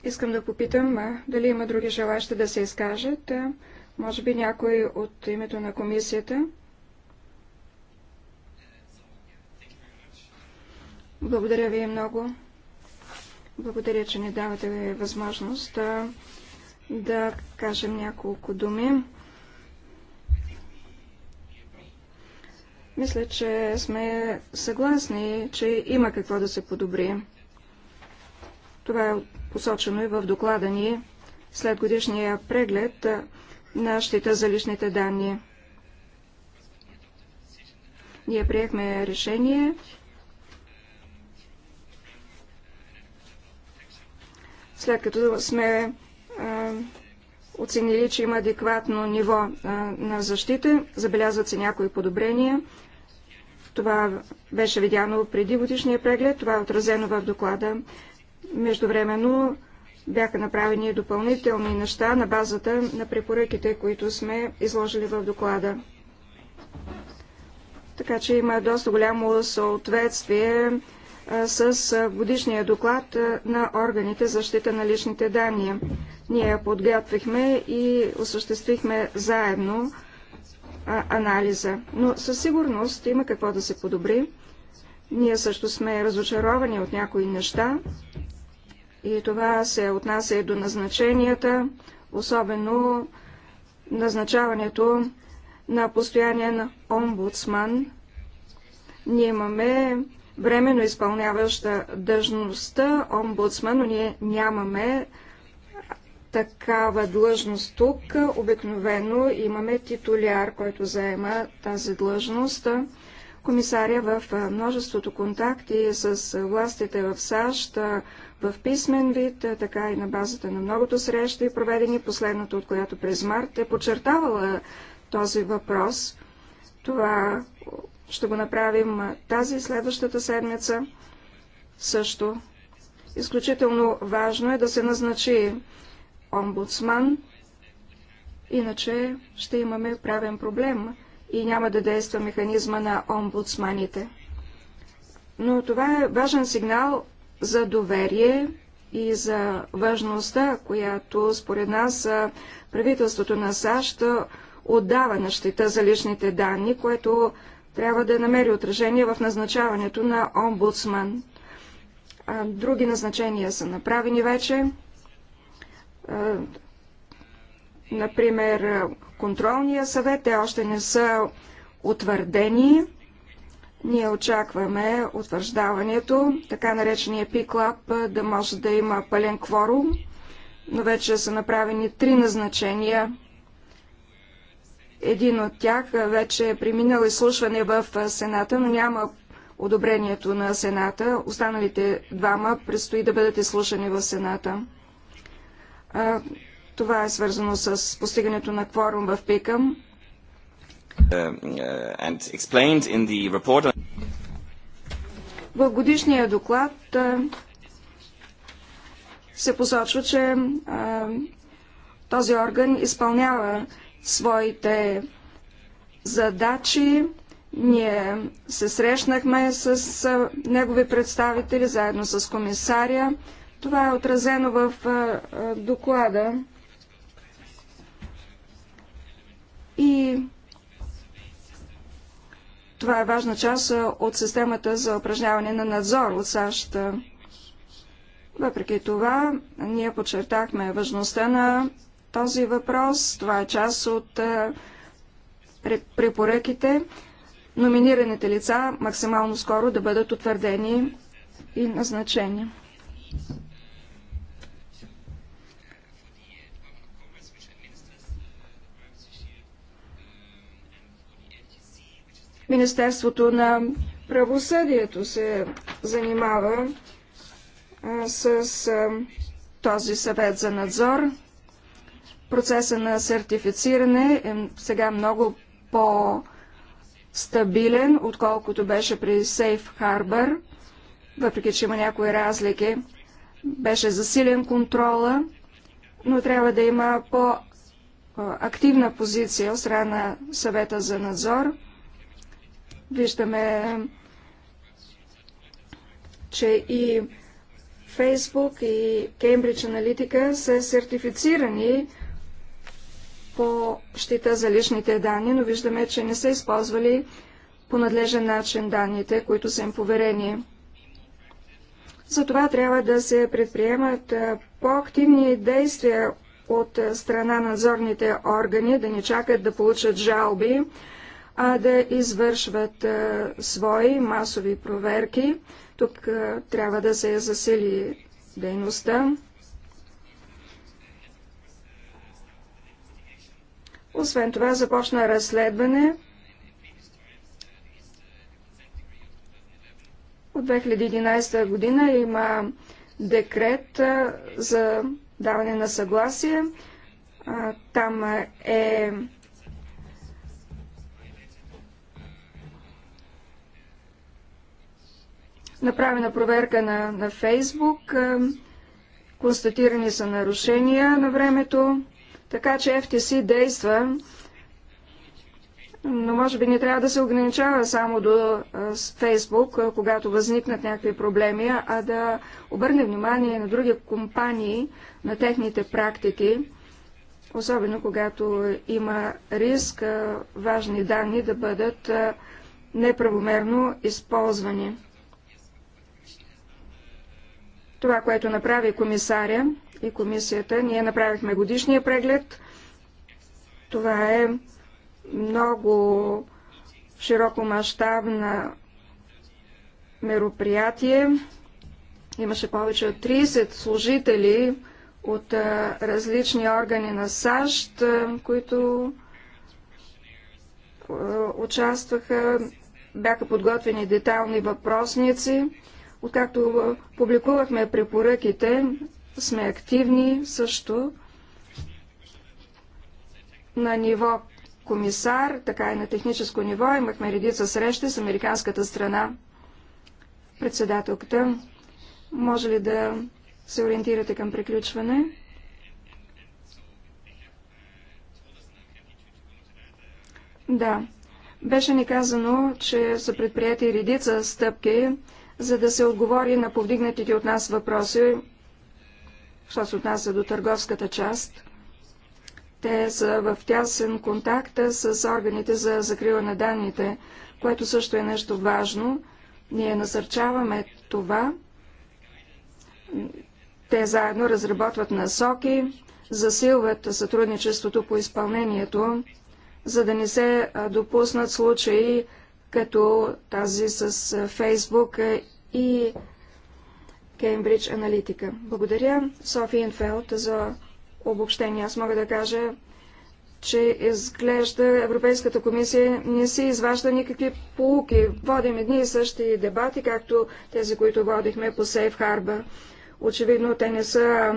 [SPEAKER 1] Искам да попитам дали има други желащи да се изкажат. Може би някой от името на комисията? Благодаря ви много. Благодаря, че ни давате ви възможност да, да кажем няколко думи. Мисля, че сме съгласни, че има какво да се подобри. Това е посочено и в доклада ни след годишния преглед на щита за личните данни. Ние приехме решение след като сме а, оценили, че има адекватно ниво а, на защита, забелязват се някои подобрения. Това беше видяно преди годишния преглед, това е отразено в доклада. Междувременно бяха направени допълнителни неща на базата на препоръките, които сме изложили в доклада. Така че има доста голямо съответствие с годишния доклад на органите за защита на личните данни. Ние подготвихме и осъществихме заедно анализа. Но със сигурност има какво да се подобри. Ние също сме разочаровани от някои неща, и това се отнася и до назначенията, особено назначаването на постоянен омбудсман. Ние имаме временно изпълняваща дъжността омбудсман, но ние нямаме такава длъжност тук. Обикновено имаме титуляр, който заема тази длъжност. Комисаря в множеството контакти с властите в САЩ в писмен вид, така и на базата на многото срещи, проведени последното, от която през март е подчертавала този въпрос. Това ще го направим тази следващата седмица също. Изключително важно е да се назначи омбудсман, иначе ще имаме правен проблем и няма да действа механизма на омбудсманите. Но това е важен сигнал за доверие и за важността, която според нас правителството на САЩ отдава на щита за личните данни, което трябва да намери отражение в назначаването на омбудсман. Други назначения са направени вече. Например, контролния съвет, те още не са утвърдени. Ние очакваме утвърждаването, така наречения пиклап да може да има пълен кворум, но вече са направени три назначения. Един от тях вече е преминал изслушване в Сената, но няма одобрението на Сената. Останалите двама предстои да бъдат изслушани в Сената. Това е свързано с постигането на кворум в Пикъм.
[SPEAKER 4] Uh,
[SPEAKER 1] в годишния доклад се посочва, че този орган изпълнява своите задачи. Ние се срещнахме с негови представители, заедно с комисаря. Това е отразено в доклада. И това е важна част от системата за упражняване на надзор от САЩ. Въпреки това, ние подчертахме важността на този въпрос. Това е част от препоръките номинираните лица максимално скоро да бъдат утвърдени и назначени. Министерството на правосъдието се занимава с този съвет за надзор. Процесът на сертифициране е сега много по-стабилен, отколкото беше при Safe Harbor, въпреки че има някои разлики. Беше засилен контрола, но трябва да има по-активна позиция от страна на съвета за надзор – Виждаме, че и Facebook и Cambridge Аналитика са сертифицирани по щита за личните данни, но виждаме, че не са използвали по надлежен начин данните, които са им поверени. Затова трябва да се предприемат по-активни действия от страна надзорните органи, да не чакат да получат жалби, а да извършват свои масови проверки. Тук трябва да се засили дейността. Освен това започна разследване от 2011 година има декрет за даване на съгласие. Там е направена проверка на, на Фейсбук, е, констатирани са нарушения на времето, така че FTC действа, но може би не трябва да се ограничава само до е, Фейсбук, е, когато възникнат някакви проблеми, а да обърне внимание на други компании, на техните практики, особено когато има риск важни данни да бъдат неправомерно използвани. Това, което направи комисаря и комисията, ние направихме годишния преглед. Това е много широко мащабна мероприятие. Имаше повече от 30 служители от различни органи на САЩ, които участваха, бяха подготвени детални въпросници. Откакто публикувахме препоръките, сме активни също на ниво комисар, така и на техническо ниво. Имахме редица срещи с американската страна. Председателката, може ли да се ориентирате към приключване? Да. Беше ни казано, че са предприяти редица стъпки за да се отговори на повдигнатите от нас въпроси, що се отнася до търговската част. Те са в тясен контакт с органите за закрила на данните, което също е нещо важно. Ние насърчаваме това. Те заедно разработват насоки, засилват сътрудничеството по изпълнението, за да не се допуснат случаи като тази с Фейсбук и Кембридж Аналитика. Благодаря Софи Инфелд за обобщение. Аз мога да кажа, че изглежда Европейската комисия не си изважда никакви полуки. Водим едни и същи дебати, както тези, които водихме по Сейф Харба. Очевидно, те не са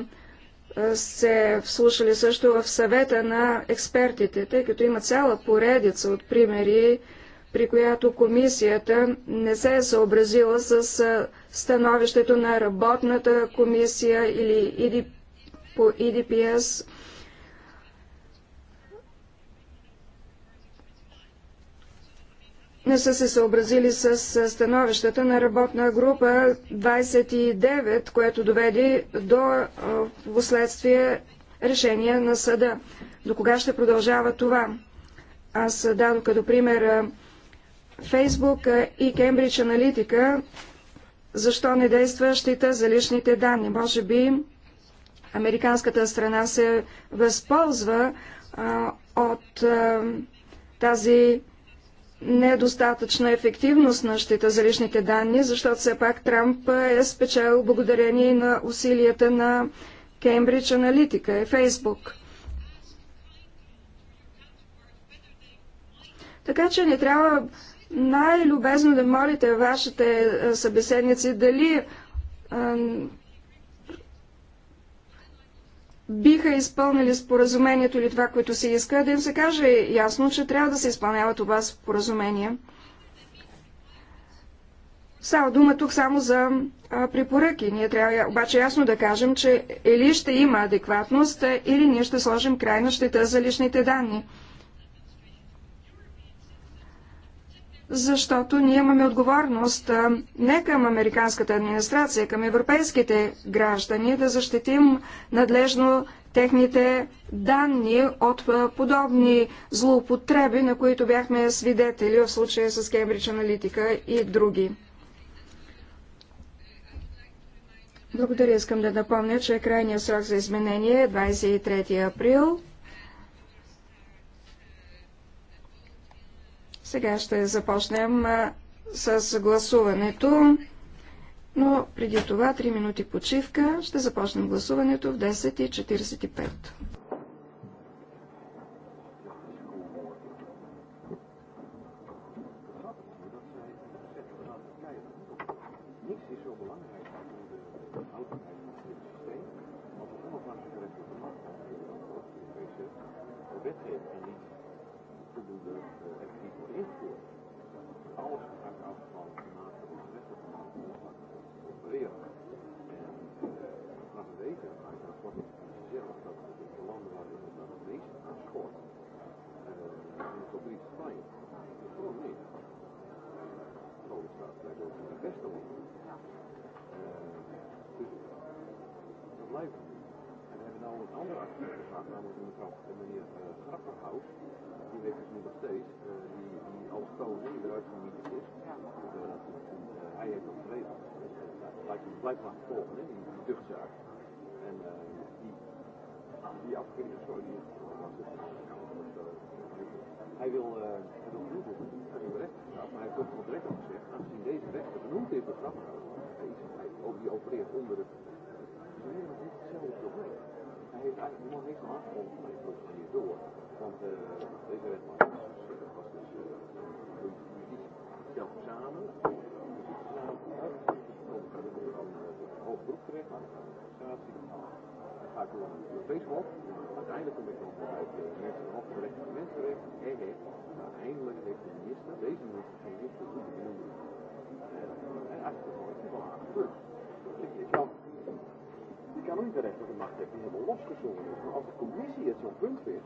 [SPEAKER 1] се вслушали също в съвета на експертите, тъй като има цяла поредица от примери при която комисията не се е съобразила с становището на работната комисия или по EDPS. не са се съобразили с становищата на работна група 29, което доведе до последствие решение на съда. До кога ще продължава това? Аз дадох като пример Facebook и Cambridge Аналитика, защо не действа щита за личните данни? Може би американската страна се възползва а, от а, тази недостатъчна ефективност на щита за личните данни, защото все пак Трамп е спечелил благодарение на усилията на Кембридж Аналитика и Фейсбук. Така че не трябва най-любезно да молите вашите събеседници дали биха изпълнили споразумението или това, което се иска, да им се каже ясно, че трябва да се изпълнява това споразумение. Става дума тук само за а, препоръки. Ние трябва обаче ясно да кажем, че или ще има адекватност, или ние ще сложим край на щета за личните данни. защото ние имаме отговорност не към американската администрация, към европейските граждани да защитим надлежно техните данни от подобни злоупотреби, на които бяхме свидетели в случая с Кембридж Аналитика и други. Благодаря. Искам да напомня, че крайният срок за изменение е 23 април Сега ще започнем с гласуването, но преди това 3 минути почивка. Ще започнем гласуването в 10.45.
[SPEAKER 4] trappenhout, die weet nog steeds, uh, die, die al stoner, eruit van niet is. uh, hij heeft dat geregeld. Dus, blijft maar volgen, hè, die, die duchtzaak. En uh, die, die afkeuring, sorry, die is het. Hij wil, uh, hij wil genoemd worden, hij wil recht gevraagd, maar hij heeft ook van direct al gezegd, aangezien deze rechter benoemd heeft door Trappenhout, hij, die opereert onder het heeft eigenlijk nog niks aangekomen, maar hij wil het niet door. Want was dus zelf samen. Dan ga ik dan de Facebook. Uiteindelijk kom ik dan de mensen van de mensenrecht. uiteindelijk heeft de minister, deze minister En eigenlijk Ik kan ook niet terecht dat de macht hebben die helemaal losgezongen is. Maar als de commissie het zo'n punt vindt,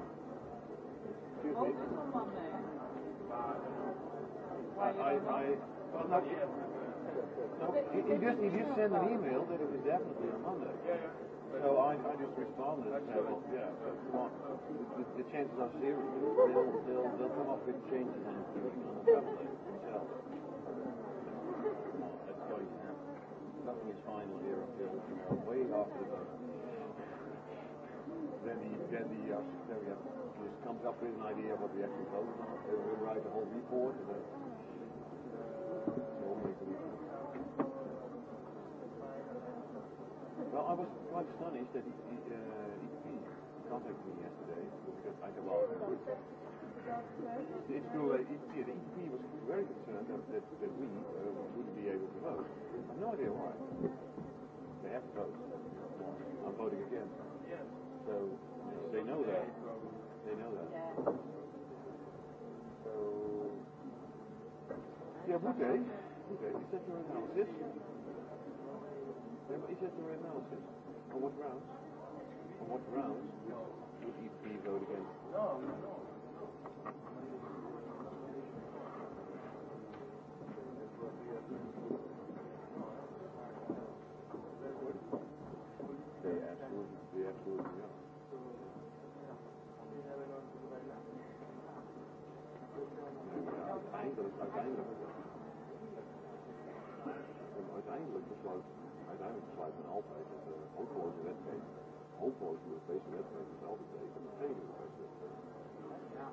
[SPEAKER 1] an
[SPEAKER 4] email, it was definitely on Monday. Yeah, yeah. So I, I just responded and said, well, yeah, The, the chances are zero. They'll, they'll, they'll come up with changes on the themselves. That's going to Nothing is final here until tomorrow, way after the. Then the, then the uh, there we to just comes up with an idea of what we actually vote on. They will write a whole report. And then well, I was quite astonished that he, he, uh, he contacted me yesterday because I said, well, it's true that he, the EP was very concerned that, that, that we uh, wouldn't be able to vote. I have no idea why. They have to vote. I'm voting again. So they know that. They know that. Yeah. So. Yeah, Boudet. Boudet. Is that your analysis? Yeah, but is that your analysis? On what grounds? On what grounds would, would he be voted against? No, no. Thank you. uiteindelijk, en uiteindelijk besluit, uiteindelijk besluiten altijd, en de hopeloze wetgeving, hopeloze Europese wetgeving is altijd beter dan geen Europese wetgeving. Ja.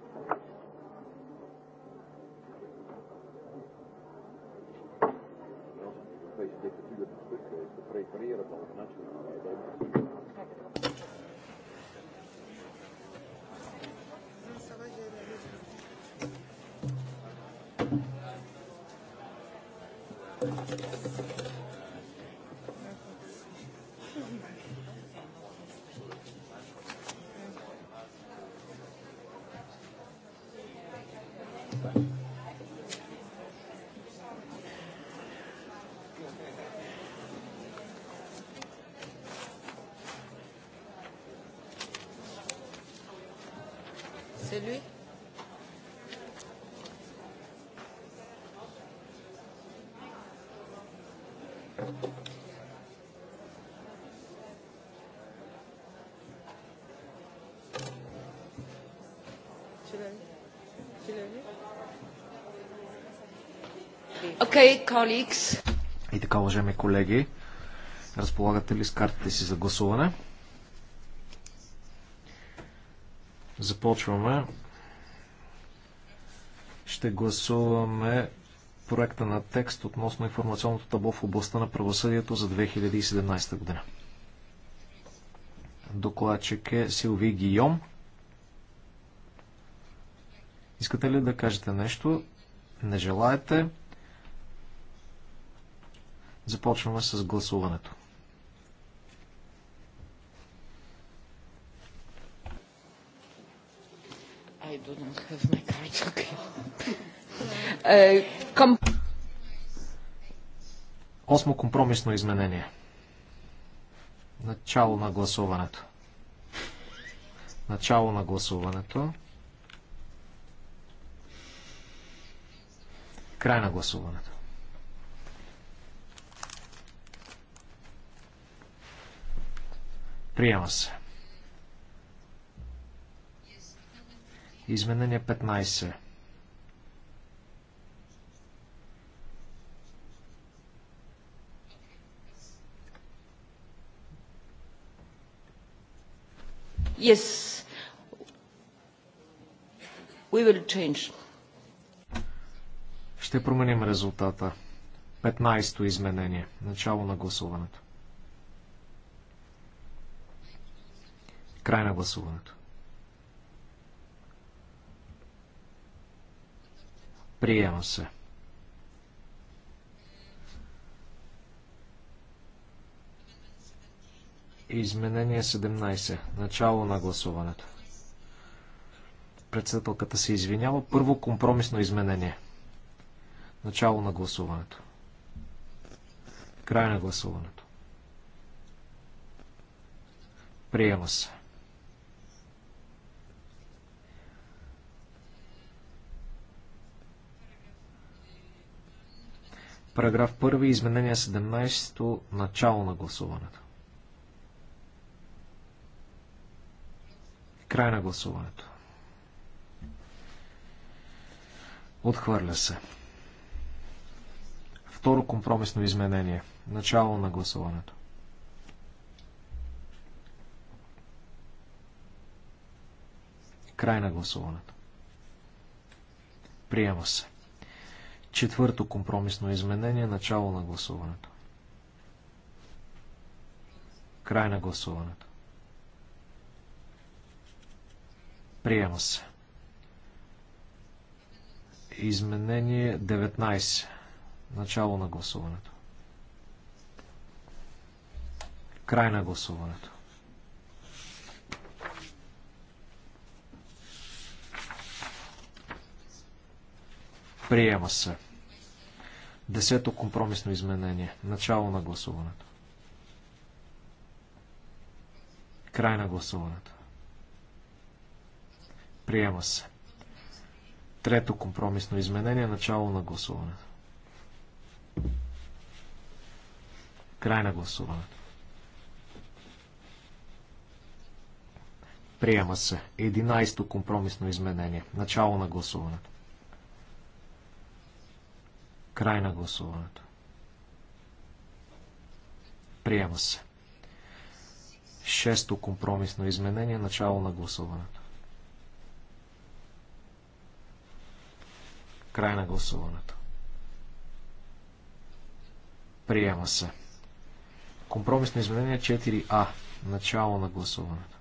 [SPEAKER 4] Europese dictatuur een stuk geweest, te prefereren dan nationale
[SPEAKER 3] C'est lui
[SPEAKER 1] Okay, colleagues.
[SPEAKER 2] И така, уважаеми колеги, разполагате ли с картите си за гласуване? Започваме. Ще гласуваме проекта на текст относно информационното табло в областта на правосъдието за 2017 година. Докладчик е Силви Гийом. Искате ли да кажете нещо? Не желаете. Започваме с гласуването. Осмо компромисно изменение. Начало на гласуването. Начало на гласуването. Край на гласуването. Приема се. Изменение 15.
[SPEAKER 1] Yes. We will change.
[SPEAKER 2] Ще променим резултата. 15-то изменение. Начало на гласуването. Край на гласуването. Приема се. 15. Изменение 17. Начало на гласуването. Председателката се извинява. Първо компромисно изменение. Начало на гласуването. Край на гласуването. Приема се. Параграф 1. Изменение 17. Начало на гласуването. Край на гласуването. Отхвърля се. Второ компромисно изменение. Начало на гласуването. Край на гласуването. Приема се. Четвърто компромисно изменение. Начало на гласуването. Край на гласуването. Приема се. Изменение 19. Начало на гласуването. Край на гласуването. Приема се. Десето компромисно изменение. Начало на гласуването. Край на гласуването. Приема се. Трето компромисно изменение. Начало на гласуването. Край на гласуването. Приема се. Единайсто компромисно изменение. Начало на гласуването. Край на гласуването. Приема се. Шесто компромисно изменение. Начало на гласуването. Край на гласуването. Приема се. Компромисно изменение 4А. Начало на гласуването.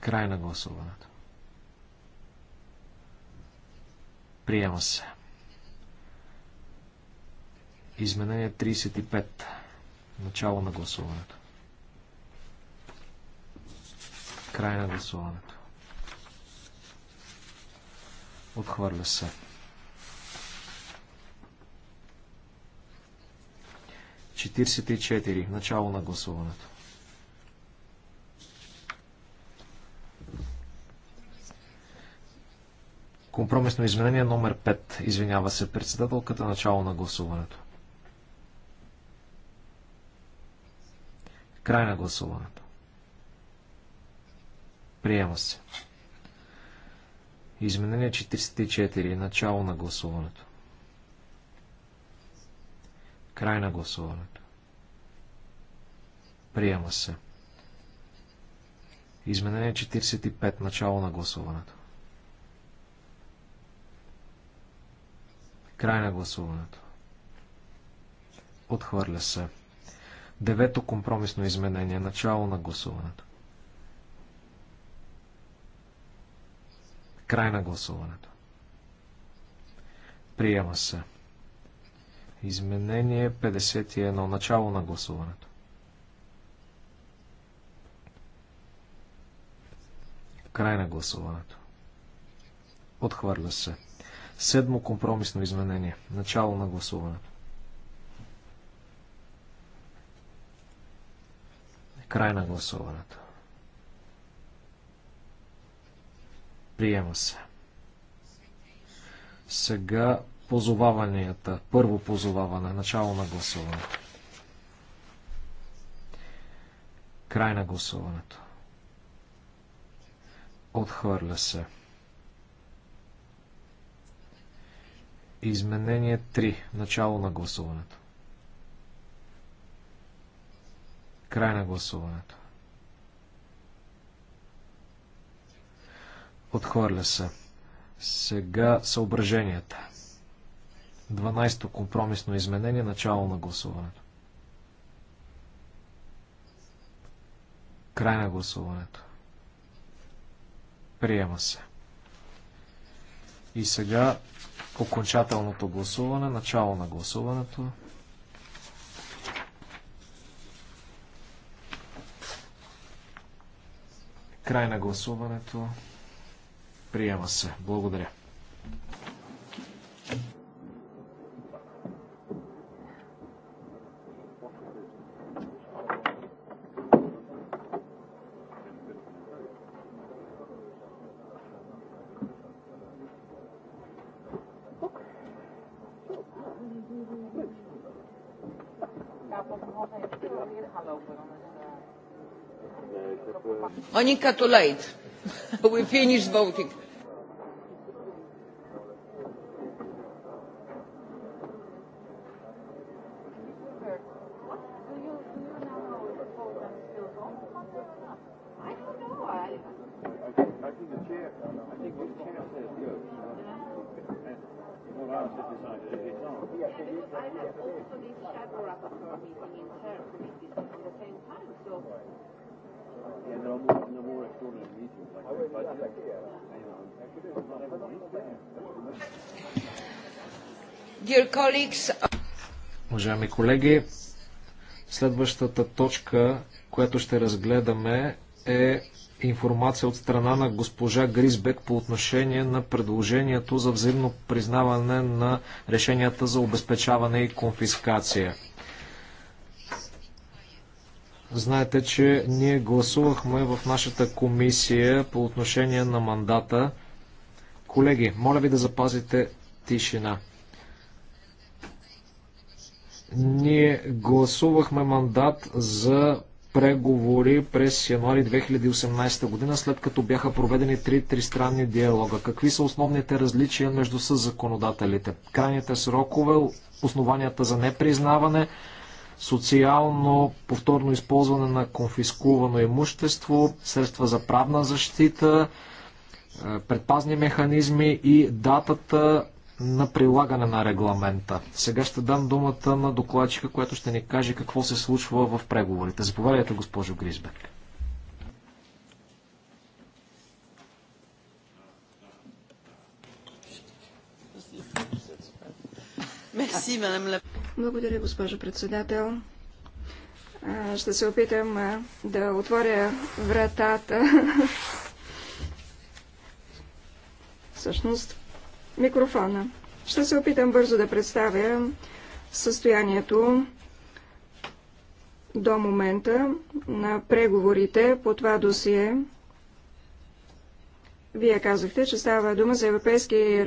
[SPEAKER 2] Край на гласуването. Приема се. Изменение 35. Начало на гласуването. Край на гласуването. Отхвърля се. Четирсет и четири. Начало на гласуването. Компромисно изменение номер 5. Извинява се председателката. Начало на гласуването. Край на гласуването. Приема се. Изменение 44. Начало на гласуването. Край на гласуването. Приема се. Изменение 45. Начало на гласуването. Край на гласуването. Отхвърля се. Девето компромисно изменение. Начало на гласуването. Край на гласуването. Приема се. Изменение 51. Начало на гласуването. Край на гласуването. Отхвърля се. Седмо компромисно изменение. Начало на гласуването. Край на гласуването. Приема се. Сега позоваванията. Първо позоваване. Начало на гласуване. Край на гласуването. Отхвърля се. Изменение 3. Начало на гласуването. Край на гласуването. Отхвърля се. Сега съображенията. 12-то компромисно изменение, начало на гласуването. Край на гласуването. Приема се. И сега окончателното гласуване, начало на гласуването. Край на гласуването. Приема се. Благодаря.
[SPEAKER 3] Monica too late. We finished voting.
[SPEAKER 2] Уважаеми колеги, следващата точка, която ще разгледаме е информация от страна на госпожа Гризбек по отношение на предложението за взаимно признаване на решенията за обезпечаване и конфискация. Знаете, че ние гласувахме в нашата комисия по отношение на мандата. Колеги, моля ви да запазите тишина. Ние гласувахме мандат за преговори през януари 2018 година, след като бяха проведени три тристранни диалога. Какви са основните различия между законодателите? Крайните срокове, основанията за непризнаване, социално повторно използване на конфискувано имущество, средства за правна защита, е, предпазни механизми и датата на прилагане на регламента. Сега ще дам думата на докладчика, която ще ни каже какво се случва в преговорите. Заповядайте, госпожо Гризбек.
[SPEAKER 1] Благодаря, госпожо председател. Ще се опитам да отворя вратата. Всъщност, микрофона. Ще се опитам бързо да представя състоянието до момента на преговорите по това досие. Вие казахте, че става дума за европейски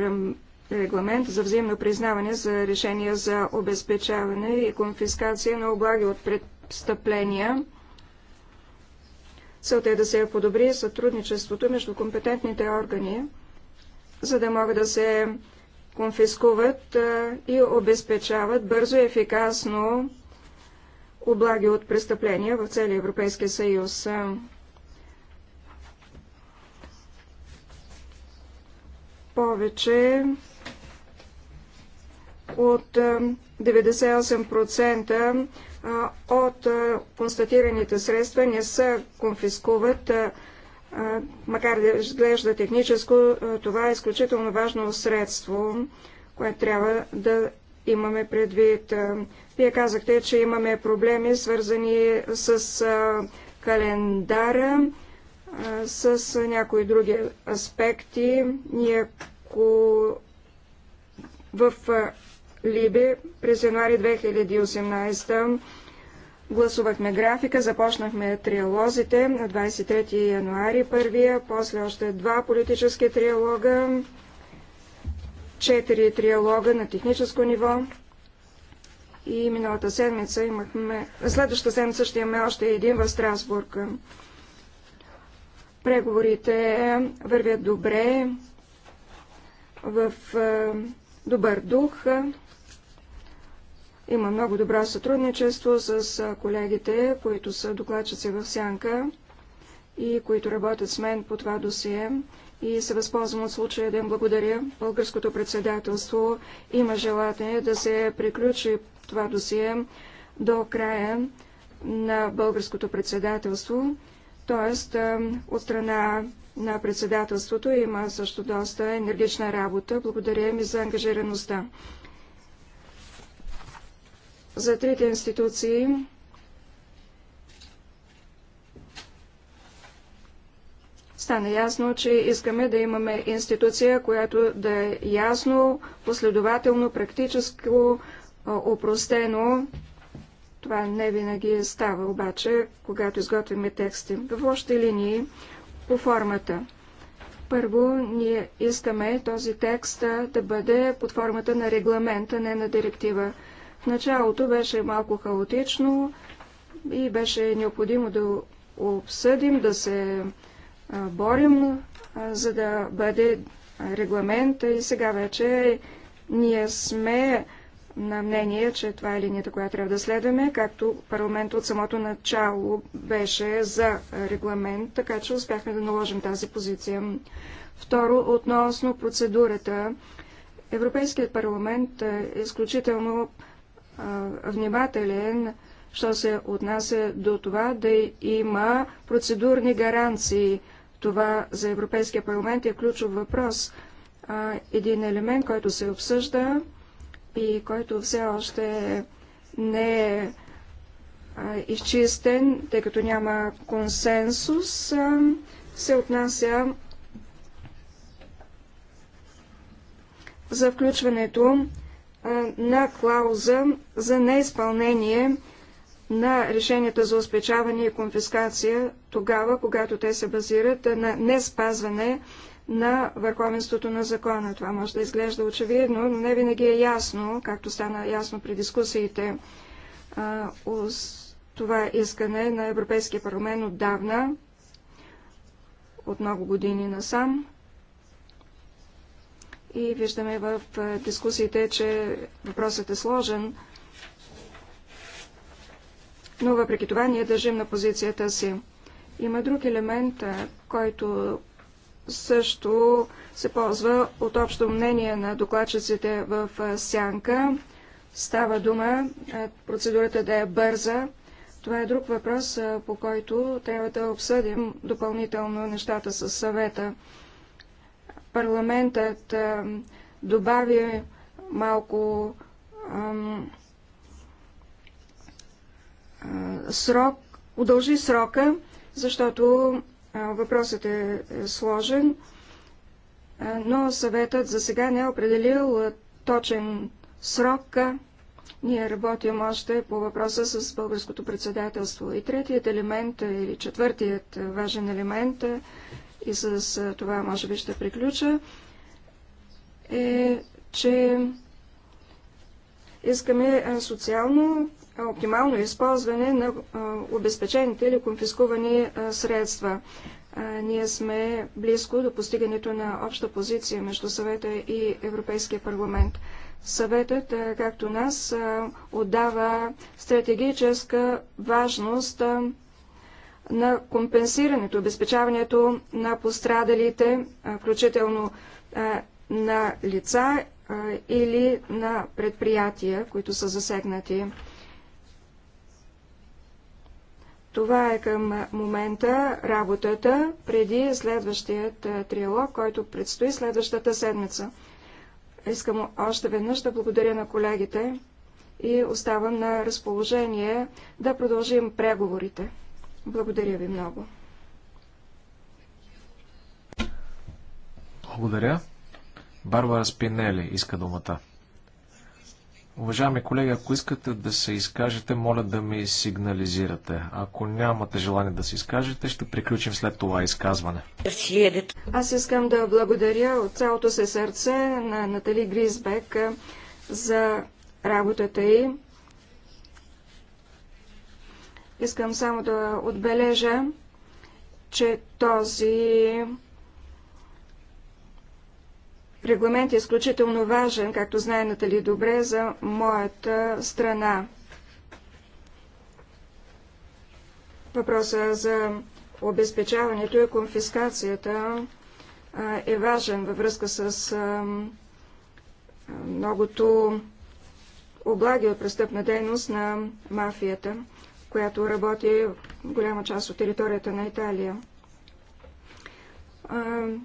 [SPEAKER 1] регламент за взаимно признаване за решения за обезпечаване и конфискация на облаги от престъпления. Целта е да се подобри сътрудничеството между компетентните органи за да могат да се конфискуват и обезпечават бързо и ефикасно облаги от престъпления в целия Европейския съюз. Повече от 98% от констатираните средства не се конфискуват макар да изглежда техническо, това е изключително важно средство, което трябва да имаме предвид. Вие казахте, че имаме проблеми, свързани с календара, с някои други аспекти. Ние в Либи през януари 2018 Гласувахме графика, започнахме триалозите на 23 януари първия, после още два политически триалога, четири триалога на техническо ниво. И миналата седмица имахме... Следващата седмица ще имаме още един в Страсбург. Преговорите вървят добре, в е, добър дух. Има много добро сътрудничество с колегите, които са докладчици в Сянка и които работят с мен по това досие. И се възползвам от случая да им благодаря. Българското председателство има желание да се приключи това досие до края на българското председателство. Тоест, от страна на председателството има също доста енергична работа. Благодаря ми за ангажираността за трите институции стана ясно, че искаме да имаме институция, която да е ясно, последователно, практическо, опростено. Това не винаги става, обаче, когато изготвяме тексти. В още линии, по формата. Първо, ние искаме този текст да бъде под формата на регламента, не на директива. Началото беше малко хаотично и беше необходимо да обсъдим, да се борим, за да бъде регламент и сега вече ние сме на мнение, че това е линията, която трябва да следваме, както парламент от самото начало беше за регламент, така че успяхме да наложим тази позиция. Второ, относно процедурата. Европейският парламент е изключително внимателен, що се отнася до това да има процедурни гаранции. Това за Европейския парламент е ключов въпрос. Един елемент, който се обсъжда и който все още не е изчистен, тъй като няма консенсус, се отнася за включването на клауза за неизпълнение на решенията за успечаване и конфискация тогава, когато те се базират на неспазване на върховенството на закона. Това може да изглежда очевидно, но не винаги е ясно, както стана ясно при дискусиите с това искане на Европейския парламент отдавна, от много години насам и виждаме в дискусиите, че въпросът е сложен. Но въпреки това ние държим на позицията си. Има друг елемент, който също се ползва от общо мнение на докладчиците в Сянка. Става дума процедурата да е бърза. Това е друг въпрос, по който трябва да обсъдим допълнително нещата с съвета парламентът а, добави малко а, а, срок, удължи срока, защото а, въпросът е сложен, а, но съветът за сега не е определил точен срок. Ние работим още по въпроса с българското председателство. И третият елемент, е, или четвъртият важен елемент е, и с това може би ще приключа, е, че искаме социално оптимално използване на обезпечените или конфискувани средства. Ние сме близко до постигането на обща позиция между съвета и Европейския парламент. Съветът, както нас, отдава стратегическа важност на компенсирането, обезпечаването на пострадалите, включително на лица или на предприятия, които са засегнати. Това е към момента работата преди следващият триалог, който предстои следващата седмица. Искам още веднъж да благодаря на колегите и оставам на разположение да продължим преговорите. Благодаря ви много.
[SPEAKER 2] Благодаря. Барбара Спинели иска думата. Уважаеми колеги, ако искате да се изкажете, моля да ми сигнализирате. Ако нямате желание да се изкажете, ще приключим след това изказване.
[SPEAKER 1] Аз искам да благодаря от цялото се сърце на Натали Гризбек за работата й. Искам само да отбележа, че този регламент е изключително важен, както знае Натали добре, за моята страна. Въпросът за обезпечаването и конфискацията е важен във връзка с многото облаги от престъпна дейност на мафията която работи в голяма част от територията на Италия.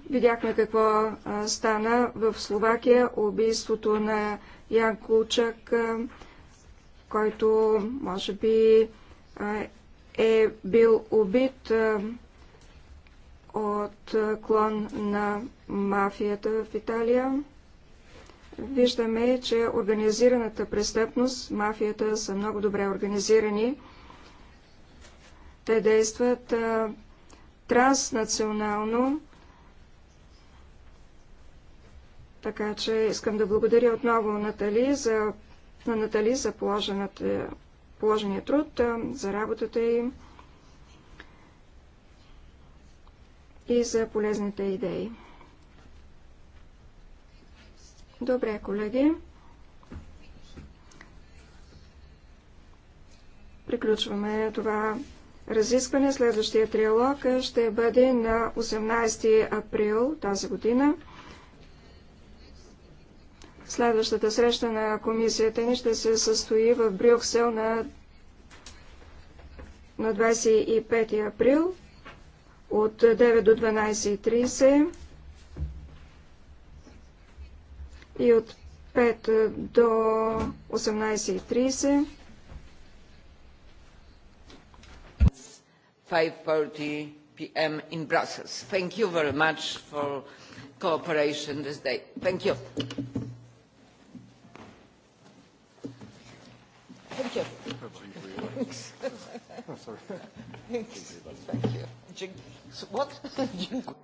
[SPEAKER 1] Видяхме какво стана в Словакия, убийството на Ян Кулчак, който може би е бил убит от клон на мафията в Италия. Виждаме, че организираната престъпност, мафията са много добре организирани те действат а, транснационално. Така че искам да благодаря отново Натали за, на Натали за положения труд, а, за работата им и за полезните идеи. Добре, колеги. Приключваме това разискване. Следващия триалог ще бъде на 18 април тази година. Следващата среща на комисията ни ще се състои в Брюксел на, на 25 април от 9 до 12.30 и от 5 до 18.30.
[SPEAKER 3] five thirty p.m. in Brussels. Thank you very much for cooperation this day. Thank you. Thank you. Thanks. Thanks. Thank you. What?